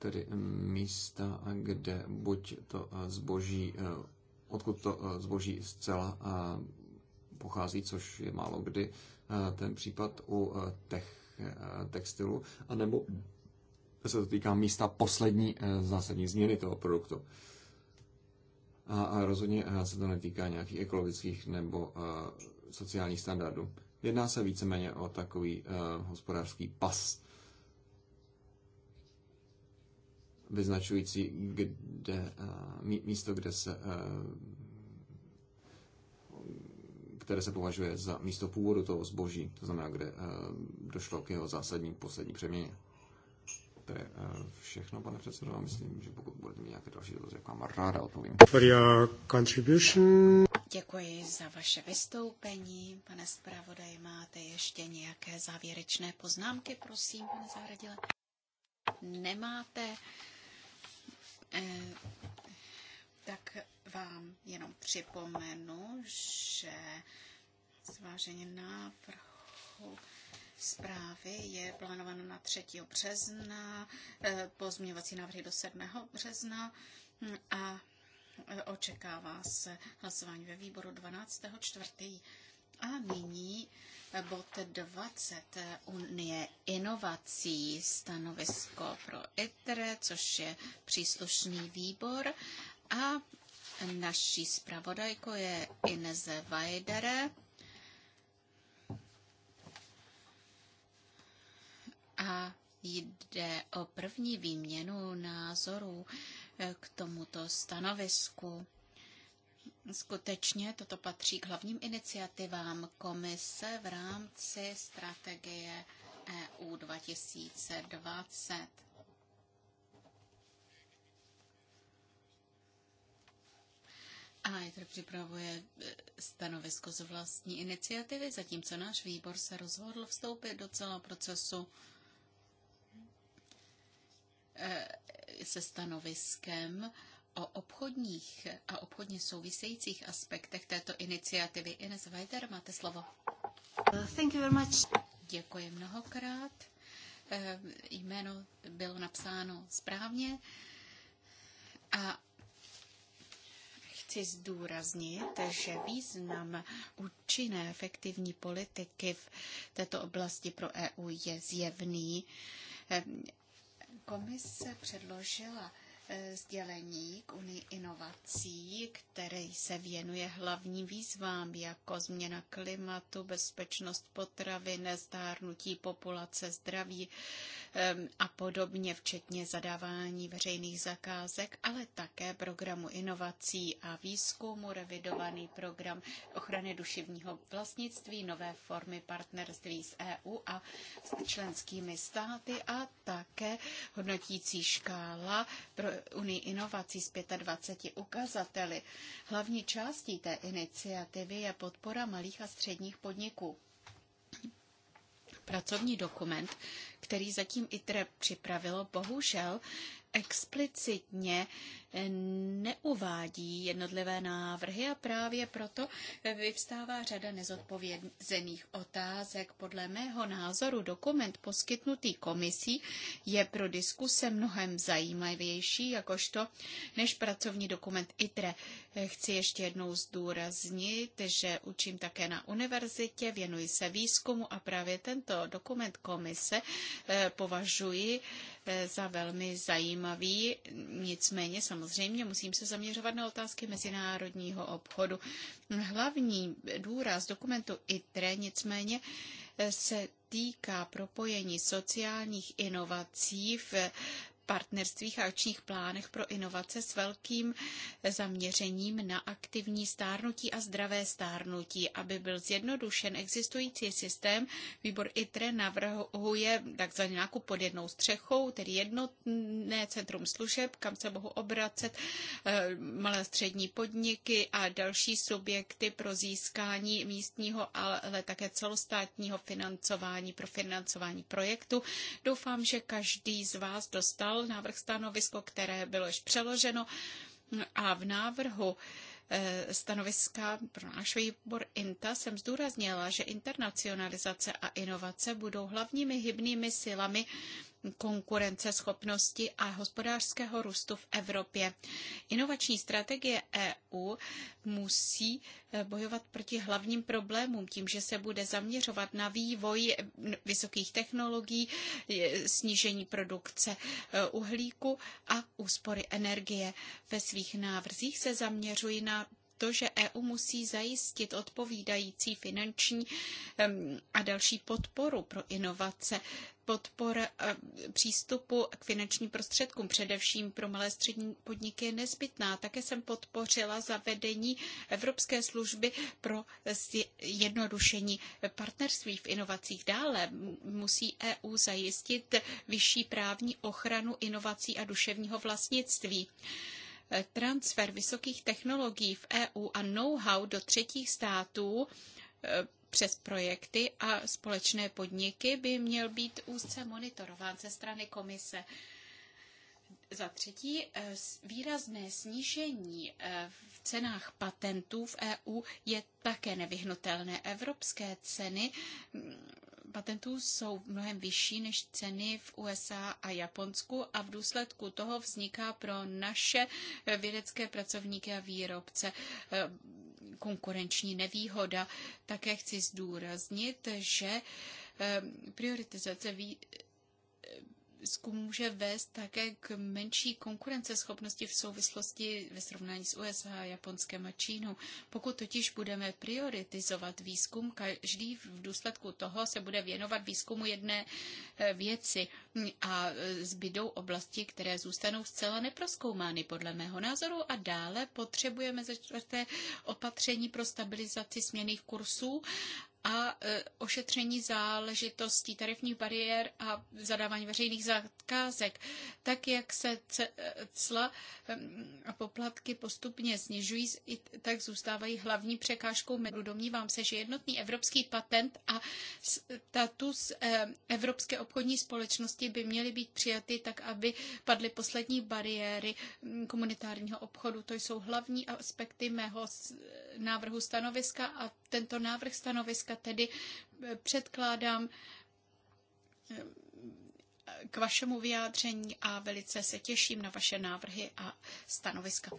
tedy místa, kde buď to eh, zboží, eh, odkud to eh, zboží zcela pochází, což je málo kdy ten případ u tech, textilu, anebo se to týká místa poslední zásadní změny toho produktu. A, rozhodně se to netýká nějakých ekologických nebo sociálních standardů. Jedná se víceméně o takový hospodářský pas, vyznačující kde, eh, místo, kde se, eh, které se považuje za místo původu toho zboží, to znamená, kde eh, došlo k jeho zásadní poslední přeměně. To je všechno, pane předsedo, a myslím, že pokud budete mít nějaké další dotazy, vám ráda odpovím. Děkuji za vaše vystoupení. Pane zpravodaj, máte ještě nějaké závěrečné poznámky, prosím, pane Zahradile? Nemáte. Eh, tak vám jenom připomenu, že zvážení návrhu zprávy je plánováno na 3. března, eh, pozměňovací návrhy do 7. března hm, a eh, očekává se hlasování ve výboru 12. čtvrtý. A nyní eh, bod 20 eh, Unie inovací, stanovisko pro ITRE, což je příslušný výbor. A naší zpravodajko je Ineze Vajdere. A jde o první výměnu názorů eh, k tomuto stanovisku. Skutečně toto patří k hlavním iniciativám komise v rámci strategie EU 2020. A je to připravuje e, stanovisko z vlastní iniciativy, zatímco náš výbor se rozhodl vstoupit do celého procesu e, se stanoviskem o obchodních a obchodně souvisejících aspektech této iniciativy. Ines Weider, máte slovo. Uh, thank you very much. Děkuji mnohokrát. Eh, jméno bylo napsáno správně. A chci zdůraznit, že význam účinné efektivní politiky v této oblasti pro EU je zjevný. Eh, komise předložila E, sdělení k Unii inovací, který se věnuje hlavním výzvám jako změna klimatu, bezpečnost potravy, nezdárnutí populace, zdraví, a podobně, včetně zadávání veřejných zakázek, ale také programu inovací a výzkumu, revidovaný program ochrany duševního vlastnictví, nové formy partnerství s EU a s členskými státy a také hodnotící škála pro Unii inovací z 25 ukazateli. Hlavní částí té iniciativy je podpora malých a středních podniků pracovní dokument, který zatím ITRE připravilo, bohužel explicitně eh, neuvádí jednotlivé návrhy a právě proto eh, vyvstává řada nezodpovězených otázek. Podle mého názoru dokument poskytnutý komisí je pro diskuse mnohem zajímavější, jakožto než pracovní dokument ITRE. Eh, chci ještě jednou zdůraznit, že učím také na univerzitě, věnuji se výzkumu a právě tento dokument komise považuji E, za velmi zajímavý. Nicméně samozřejmě musím se zaměřovat na otázky mezinárodního obchodu. Hlavní důraz dokumentu ITRE nicméně e, se týká propojení sociálních inovací v partnerstvích a akčních plánech pro inovace s velkým zaměřením na aktivní stárnutí a zdravé stárnutí. Aby byl zjednodušen existující systém, výbor ITRE navrhuje takzvaně nákup pod jednou střechou, tedy jednotné centrum služeb, kam se mohou obracet eh, malé střední podniky a další subjekty pro získání místního, ale také celostátního financování pro financování projektu. Doufám, že každý z vás dostal přijal návrh stanovisko, které bylo již přeloženo a v návrhu eh, stanoviska pro náš výbor INTA jsem zdůraznila, že internacionalizace a inovace budou hlavními hybnými silami konkurenceschopnosti a hospodářského růstu v Evropě. Inovační strategie EU musí eh, bojovat proti hlavním problémům tím, že se bude zaměřovat na vývoj vysokých technologií, snížení produkce eh, uhlíku a úspory energie. Ve svých návrzích se zaměřují na to, že EU musí zajistit odpovídající finanční a další podporu pro inovace podpora eh, přístupu k finančním prostředkům, především pro malé střední podniky, je nezbytná. Také jsem podpořila zavedení Evropské služby pro jednodušení partnerství v inovacích. Dále musí EU zajistit vyšší právní ochranu inovací a duševního vlastnictví eh, transfer vysokých technologií v EU a know-how do třetích států eh, přes projekty a společné podniky by měl být úzce monitorován ze strany komise. Za třetí, eh, výrazné snížení eh, v cenách patentů v EU je také nevyhnutelné. Evropské ceny mm, patentů jsou mnohem vyšší než ceny v USA a Japonsku a v důsledku toho vzniká pro naše eh, vědecké pracovníky a výrobce konkurenční nevýhoda. Také chci zdůraznit, že eh, prioritizace Výzkum může vést také k menší konkurenceschopnosti v souvislosti ve srovnání s USA, Japonskem a Čínou. Pokud totiž budeme prioritizovat výzkum, každý v důsledku toho se bude věnovat výzkumu jedné e, věci a e, zbydou oblasti, které zůstanou zcela neproskoumány podle mého názoru a dále potřebujeme za čtvrté e, opatření pro stabilizaci směných kursů a e, ošetření záležitostí tarifních bariér a zadávání veřejných zakázek. Tak, jak se e, cla a poplatky postupně snižují, tak zůstávají hlavní překážkou medu. Domnívám se, že jednotný evropský patent a status e, Evropské obchodní společnosti by měly být přijaty tak, aby padly poslední bariéry mm, komunitárního obchodu. To jsou hlavní aspekty mého návrhu stanoviska a tento návrh stanoviska tedy eh, předkládám eh, k vašemu vyjádření a velice se těším na vaše návrhy a stanoviska.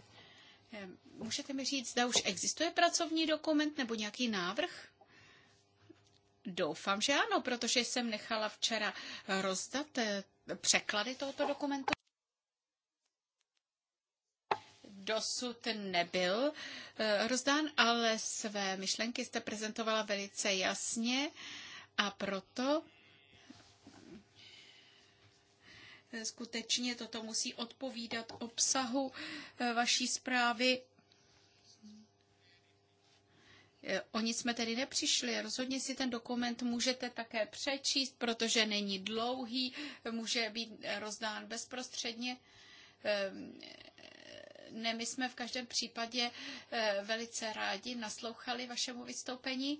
Eh, můžete mi říct, zda už existuje pracovní dokument nebo nějaký návrh? Doufám, že ano, protože jsem nechala včera rozdat překlady tohoto dokumentu dosud nebyl eh, rozdán, ale své myšlenky jste prezentovala velice jasně a proto eh, skutečně toto musí odpovídat obsahu eh, vaší zprávy. O nic jsme tedy nepřišli. Rozhodně si ten dokument můžete také přečíst, protože není dlouhý, může být rozdán bezprostředně ehm, ne, my jsme v každém případě eh, velice rádi naslouchali vašemu vystoupení.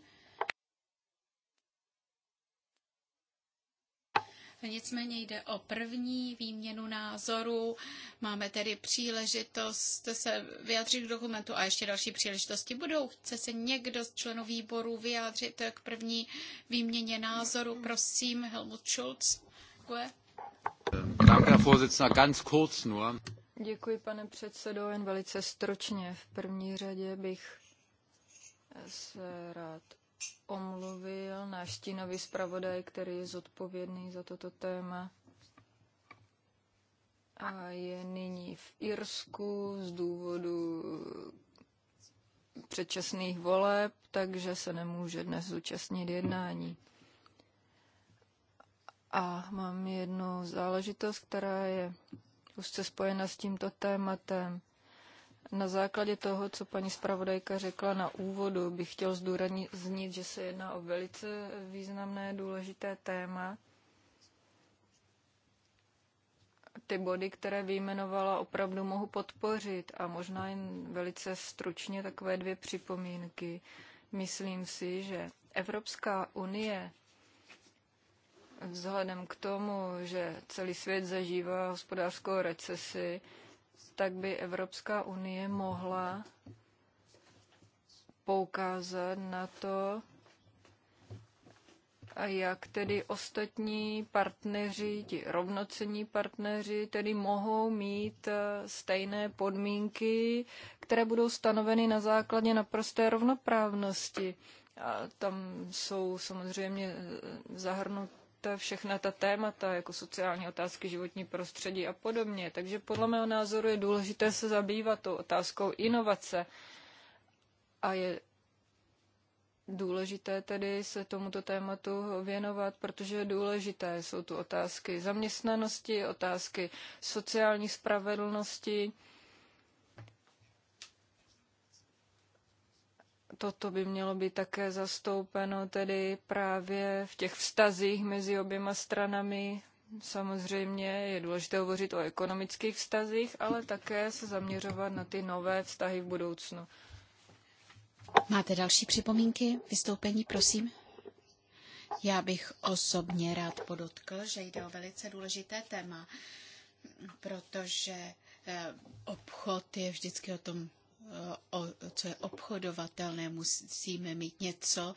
Nicméně jde o první výměnu názoru. Máme tedy příležitost se vyjádřit k dokumentu a ještě další příležitosti budou. Chce se někdo z členů výboru vyjádřit k první výměně názoru? Prosím, Helmut Schulz. Děkuji, Danke, Herr Vorsitzender. Ganz kurz nur. Děkuji, pane předsedo, jen velice stročně. V první řadě bych se rád omluvil náš stínový zpravodaj, který je zodpovědný za toto téma a je nyní v Irsku z důvodu předčasných voleb, takže se nemůže dnes zúčastnit jednání. A mám jednu záležitost, která je úzce spojena s tímto tématem. Na základě toho, co paní zpravodajka řekla na úvodu, bych chtěl zdůraznit, že se jedná o velice významné, důležité téma. Ty body, které vyjmenovala, opravdu mohu podpořit a možná jen velice stručně takové dvě připomínky. Myslím si, že Evropská unie vzhledem k tomu, že celý svět zažívá hospodářskou recesi, tak by Evropská unie mohla poukázat na to, a jak tedy ostatní partneři, ti rovnocení partneři, tedy mohou mít eh, stejné podmínky, které budou stanoveny na základě naprosté rovnoprávnosti. A tam jsou samozřejmě eh, zahrnuty všechna ta témata, jako sociální otázky, životní prostředí a podobně. Takže podle mého názoru je důležité se zabývat tou otázkou inovace a je důležité tedy se tomuto tématu věnovat, protože je důležité jsou tu otázky zaměstnanosti, otázky sociální spravedlnosti, toto by mělo být také zastoupeno tedy právě v těch vztazích mezi oběma stranami. Samozřejmě je důležité hovořit o ekonomických vztazích, ale také se zaměřovat na ty nové vztahy v budoucnu. Máte další připomínky, vystoupení, prosím? Já bych osobně rád podotkl, že jde o velice důležité téma, protože eh, obchod je vždycky o tom o, co je obchodovatelné, musíme mít něco,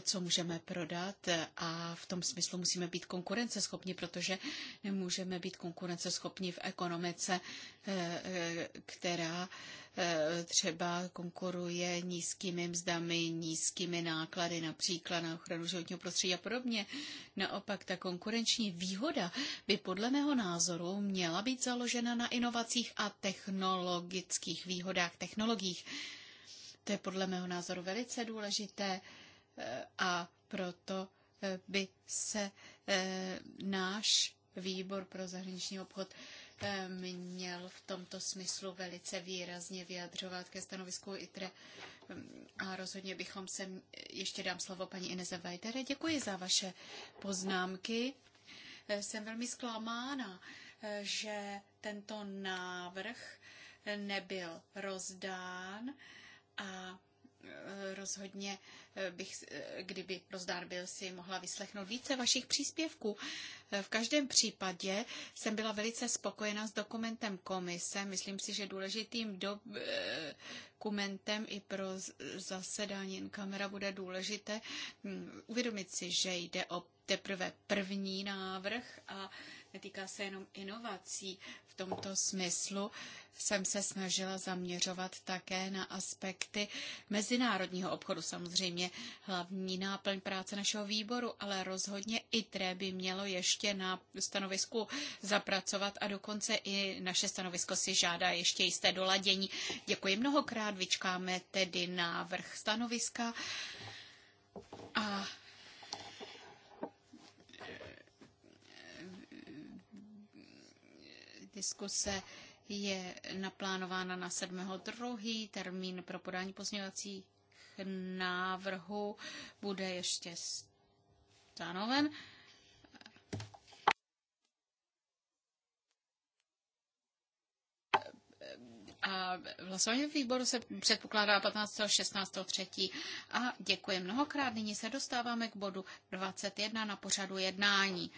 co můžeme prodat a v tom smyslu musíme být konkurenceschopní, protože nemůžeme být konkurenceschopní v ekonomice, eh, eh, která Eh, třeba konkuruje nízkými mzdami, nízkými náklady například na ochranu životního prostředí a podobně. Naopak ta konkurenční výhoda by podle mého názoru měla být založena na inovacích a technologických výhodách, technologiích. To je podle mého názoru velice důležité eh, a proto eh, by se náš výbor pro zahraniční obchod Eh, měl v tomto smyslu velice výrazně vyjadřovat ke stanovisku ITRE. Mm, a rozhodně bychom se, ještě dám slovo paní Ineze Vajdere, děkuji za vaše poznámky. Eh, jsem velmi zklamána, eh, že tento návrh nebyl rozdán a Eh, rozhodně eh, bych, eh, kdyby rozdár byl, si mohla vyslechnout více vašich příspěvků. V každém případě jsem byla velice spokojená s dokumentem komise. Myslím si, že důležitým dokumentem i pro zasedání kamera bude důležité hm, uvědomit si, že jde o teprve první návrh a netýká se jenom inovací. V tomto smyslu jsem se snažila zaměřovat také na aspekty mezinárodního obchodu. Samozřejmě hlavní náplň práce našeho výboru, ale rozhodně i tré by mělo ještě na stanovisku zapracovat a dokonce i naše stanovisko si žádá ještě jisté doladění. Děkuji mnohokrát, vyčkáme tedy návrh stanoviska. A Diskuse je naplánována na 7.2. Termín pro podání pozměňovacích návrhů bude ještě stanoven. A hlasování výboru se předpokládá 15. 16. 3. A děkuji mnohokrát. Nyní se dostáváme k bodu 21 na pořadu jednání.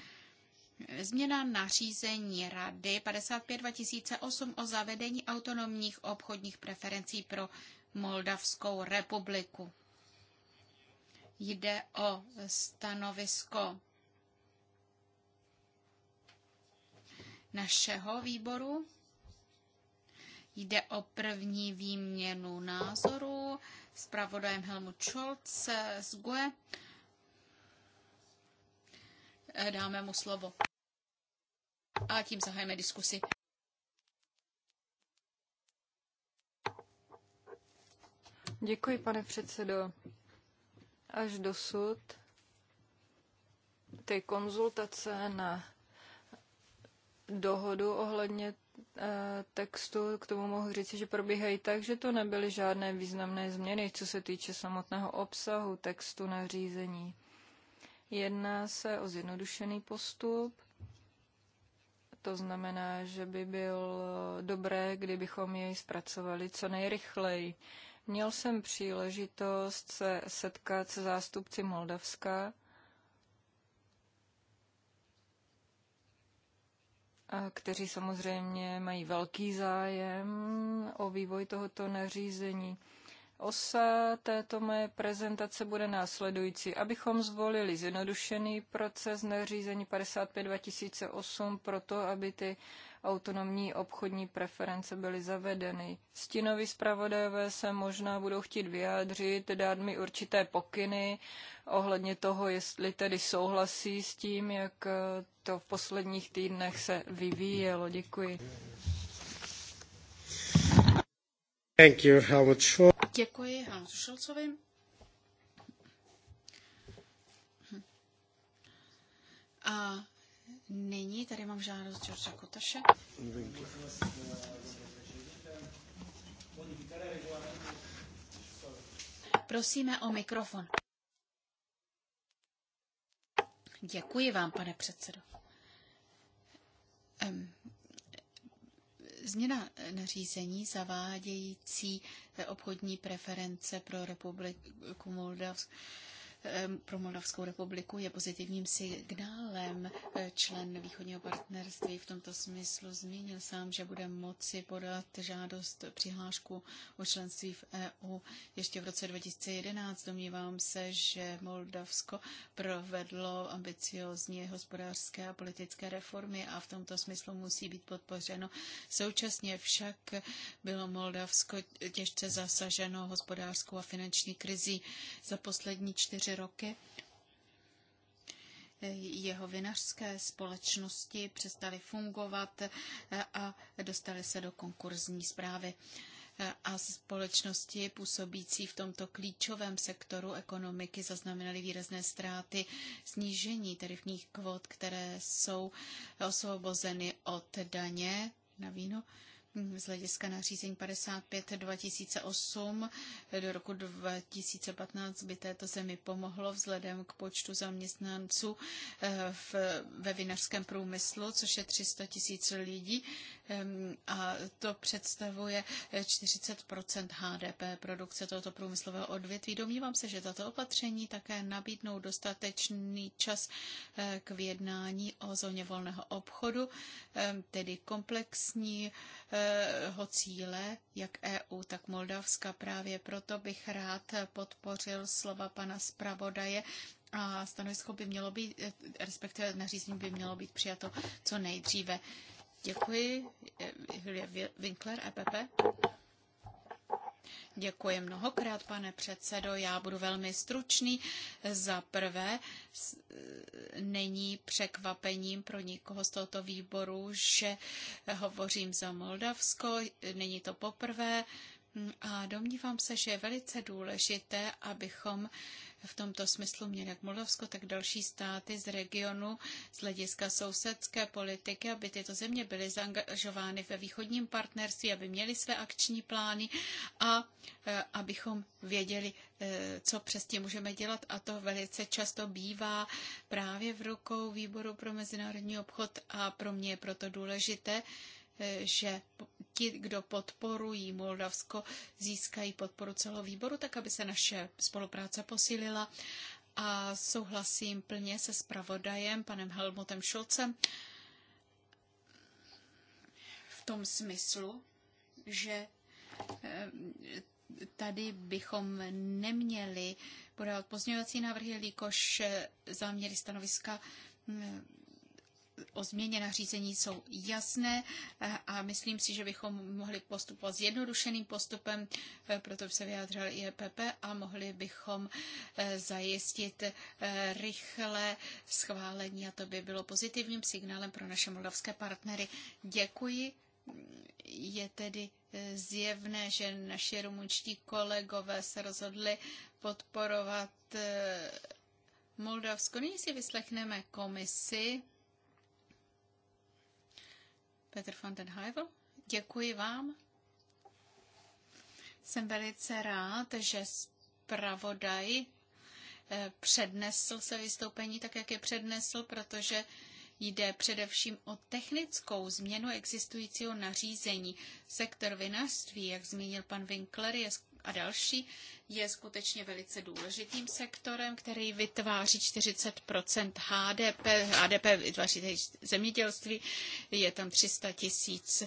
Změna nařízení Rady 55-2008 o zavedení autonomních obchodních preferencí pro Moldavskou republiku. Jde o stanovisko našeho výboru. Jde o první výměnu názorů s pravodajem Helmut Scholz z GUE. Eh, dáme mu slovo. A tím zahajeme diskusi. Děkuji, pane předsedo. Až dosud ty konzultace na dohodu ohledně eh, textu, k tomu mohu říct, že probíhají tak, že to nebyly žádné významné změny, co se týče samotného obsahu textu nařízení. Jedná se o zjednodušený postup. To znamená, že by bylo dobré, kdybychom jej zpracovali co nejrychleji. Měl jsem příležitost se setkat se zástupci Moldavska, kteří samozřejmě mají velký zájem o vývoj tohoto nařízení. Osa této mé prezentace bude následující. Abychom zvolili zjednodušený proces nařízení 55-2008 proto, aby ty autonomní obchodní preference byly zavedeny. Stinovi zpravodajové se možná budou chtít vyjádřit, dát mi určité pokyny ohledně toho, jestli tedy souhlasí s tím, jak to v posledních týdnech se vyvíjelo. Děkuji. Děkuji Helmutu Scholzovi. A nyní tady mám žádost George Kotaše. Prosíme o mikrofon. Děkuji vám, pane předsedo. Um, Změna eh, nařízení zavádějící eh, obchodní preference pro republiku Moldavsko pro Moldavskou republiku je pozitivním signálem. Eh, člen východního partnerství v tomto smyslu zmínil sám, že bude moci podat žádost přihlášku o členství v EU ještě v roce 2011. Domnívám se, že Moldavsko provedlo ambiciozní hospodářské a politické reformy a v tomto smyslu musí být podpořeno. Současně však bylo Moldavsko těžce zasaženo hospodářskou a finanční krizí. Za poslední čtyři tři roky jeho vinařské společnosti přestaly fungovat a dostaly se do konkurzní zprávy. A společnosti působící v tomto klíčovém sektoru ekonomiky zaznamenaly výrazné ztráty snížení tarifních kvot, které jsou osvobozeny od daně na víno z hlediska nařízení 55 2008 do roku 2015 by této zemi pomohlo vzhledem k počtu zaměstnanců eh, v, ve vinařském průmyslu, což je 300 tisíc lidí a to představuje 40 eh, HDP produkce tohoto průmyslového odvětví. Domnívám se, že tato opatření také nabídnou dostatečný čas eh, k vyjednání o zóně volného obchodu, tedy komplexní jeho eh, cíle, jak EU, tak Moldavska. Právě proto bych rád podpořil slova pana zpravodaje a stanovisko by mělo být, eh, respektive nařízení by mělo být přijato co nejdříve. Děkuji, eh, Julia Winkler, EPP. Děkuji mnohokrát, pane předsedo. Já budu velmi stručný. Za prvé, není překvapením pro nikoho z tohoto výboru, že hovořím za Moldavsko. Není to poprvé. A domnívám se, že je velice důležité, abychom v tomto smyslu měl jak Moldavsko, tak další státy z regionu z hlediska sousedské politiky, aby tyto země byly zaangažovány ve východním partnerství, aby měly své akční plány a e, abychom věděli, e, co přesně můžeme dělat a to velice často bývá právě v rukou Výboru pro mezinárodní obchod a pro mě je proto důležité, že ti, kdo podporují Moldavsko, získají podporu celého výboru, tak aby se naše spolupráce posílila. A souhlasím plně se spravodajem, panem Helmutem Šulcem, v tom smyslu, že eh, tady bychom neměli podávat pozměňovací návrhy, jelikož eh, záměry stanoviska hm, o změně nařízení jsou jasné eh, a myslím si, že bychom mohli postupovat s jednodušeným postupem, eh, proto se vyjádřil i EPP a mohli bychom eh, zajistit rychlé schválení a to by bylo pozitivním signálem pro naše moldavské partnery. Děkuji. Je tedy zjevné, že naši rumunští kolegové se rozhodli podporovat Moldavsko. Nyní si vyslechneme komisi. Petr van den Heivel. Děkuji vám. Jsem velice rád, že zpravodaj eh, přednesl se vystoupení tak, jak je přednesl, protože jde především o technickou změnu existujícího nařízení. Sektor vinařství, jak zmínil pan Winkler, je a další, je skutečně velice důležitým sektorem, který vytváří 40 HDP. HDP vytváří zemědělství, je tam 300 tisíc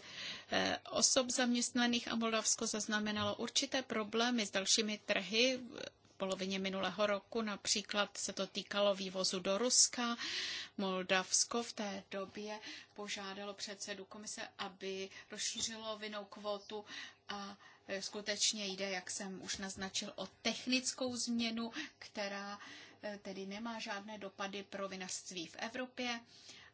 eh, osob zaměstnaných a Moldavsko zaznamenalo určité problémy s dalšími trhy polovině minulého roku. Například se to týkalo vývozu do Ruska. Moldavsko v té době požádalo předsedu komise, aby rozšířilo vinou kvotu a E, skutečně jde, jak jsem už naznačil, o technickou změnu, která e, tedy nemá žádné dopady pro vinařství v Evropě.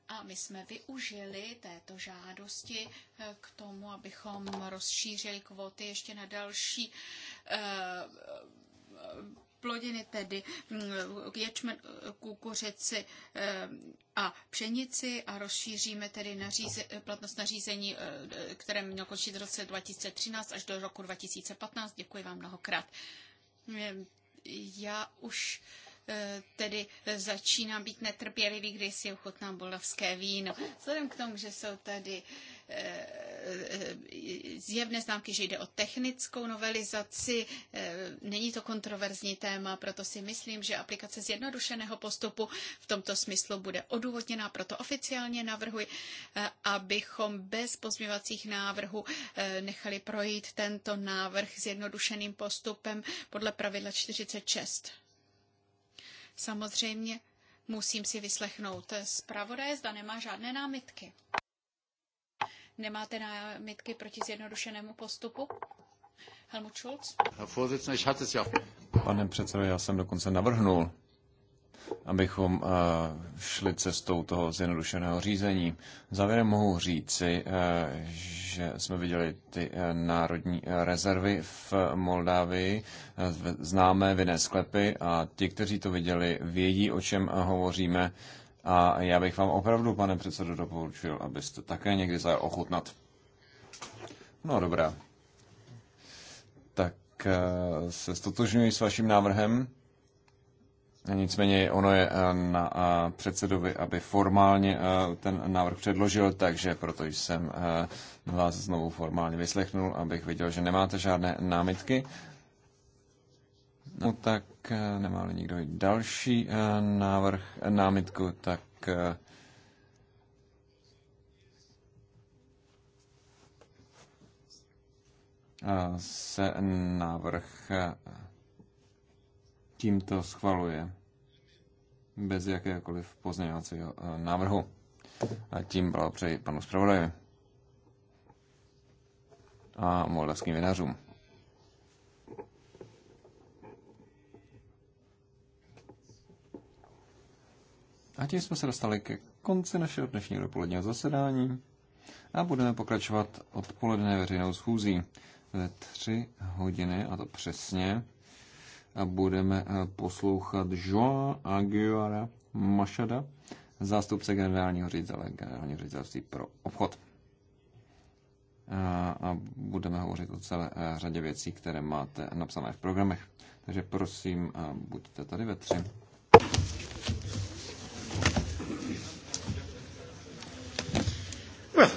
A my jsme využili této žádosti e, k tomu, abychom rozšířili kvóty ještě na další plodiny, tedy mm, ječmen, kukuřici eh, a pšenici a rozšíříme tedy naříze, platnost nařízení, eh, které mělo končit v roce 2013 až do roku 2015. Děkuji vám mnohokrát. Eh, já už tedy začínám být netrpělivý, když si ochutnám bolavské víno. Vzhledem k tomu, že jsou tady uh, zjevné známky, že jde o technickou novelizaci. Není to kontroverzní téma, proto si myslím, že aplikace zjednodušeného postupu v tomto smyslu bude odůvodněná. Proto oficiálně navrhuji, abychom bez pozměvacích návrhů eh, nechali projít tento návrh zjednodušeným postupem podle pravidla 46. Samozřejmě musím si vyslechnout zpravodaje, zda nemá žádné námitky. Nemáte námitky proti zjednodušenému postupu? Helmut Schulz? Pane předsedo, já jsem dokonce navrhnul, abychom eh, šli cestou toho zjednodušeného řízení. Závěrem mohu říci, eh, že jsme viděli ty eh, národní rezervy v Moldávii, známé vinné sklepy a ti, kteří to viděli, vědí, o čem hovoříme. A já bych vám opravdu, pane předsedo, doporučil, abyste také někdy zajel ochutnat. No dobrá. Tak eh, se stotožňuji s vaším návrhem. Nicméně ono je eh, na eh, předsedovi, aby formálně ten návrh předložil, takže proto jsem vás znovu formálně vyslechnul, abych viděl, že nemáte žádné námitky. No tak Eh, nemá nikdo další eh, návrh, eh, námitku, tak se návrh tímto schvaluje bez jakéhokoliv pozměňovacího návrhu. A tím přeji panu zpravodaji a moldavským vinařům. A tím jsme se dostali ke konci našeho dnešního dopoledního zasedání a budeme pokračovat odpoledne veřejnou schůzí ve tři hodiny, a to přesně, a budeme eh, poslouchat Joan Aguara Mašada, zástupce generálního ředitele, generálního ředitelství pro obchod. A, a budeme hovořit o celé eh, řadě věcí, které máte napsané v programech. Takže prosím, eh, buďte tady ve tři.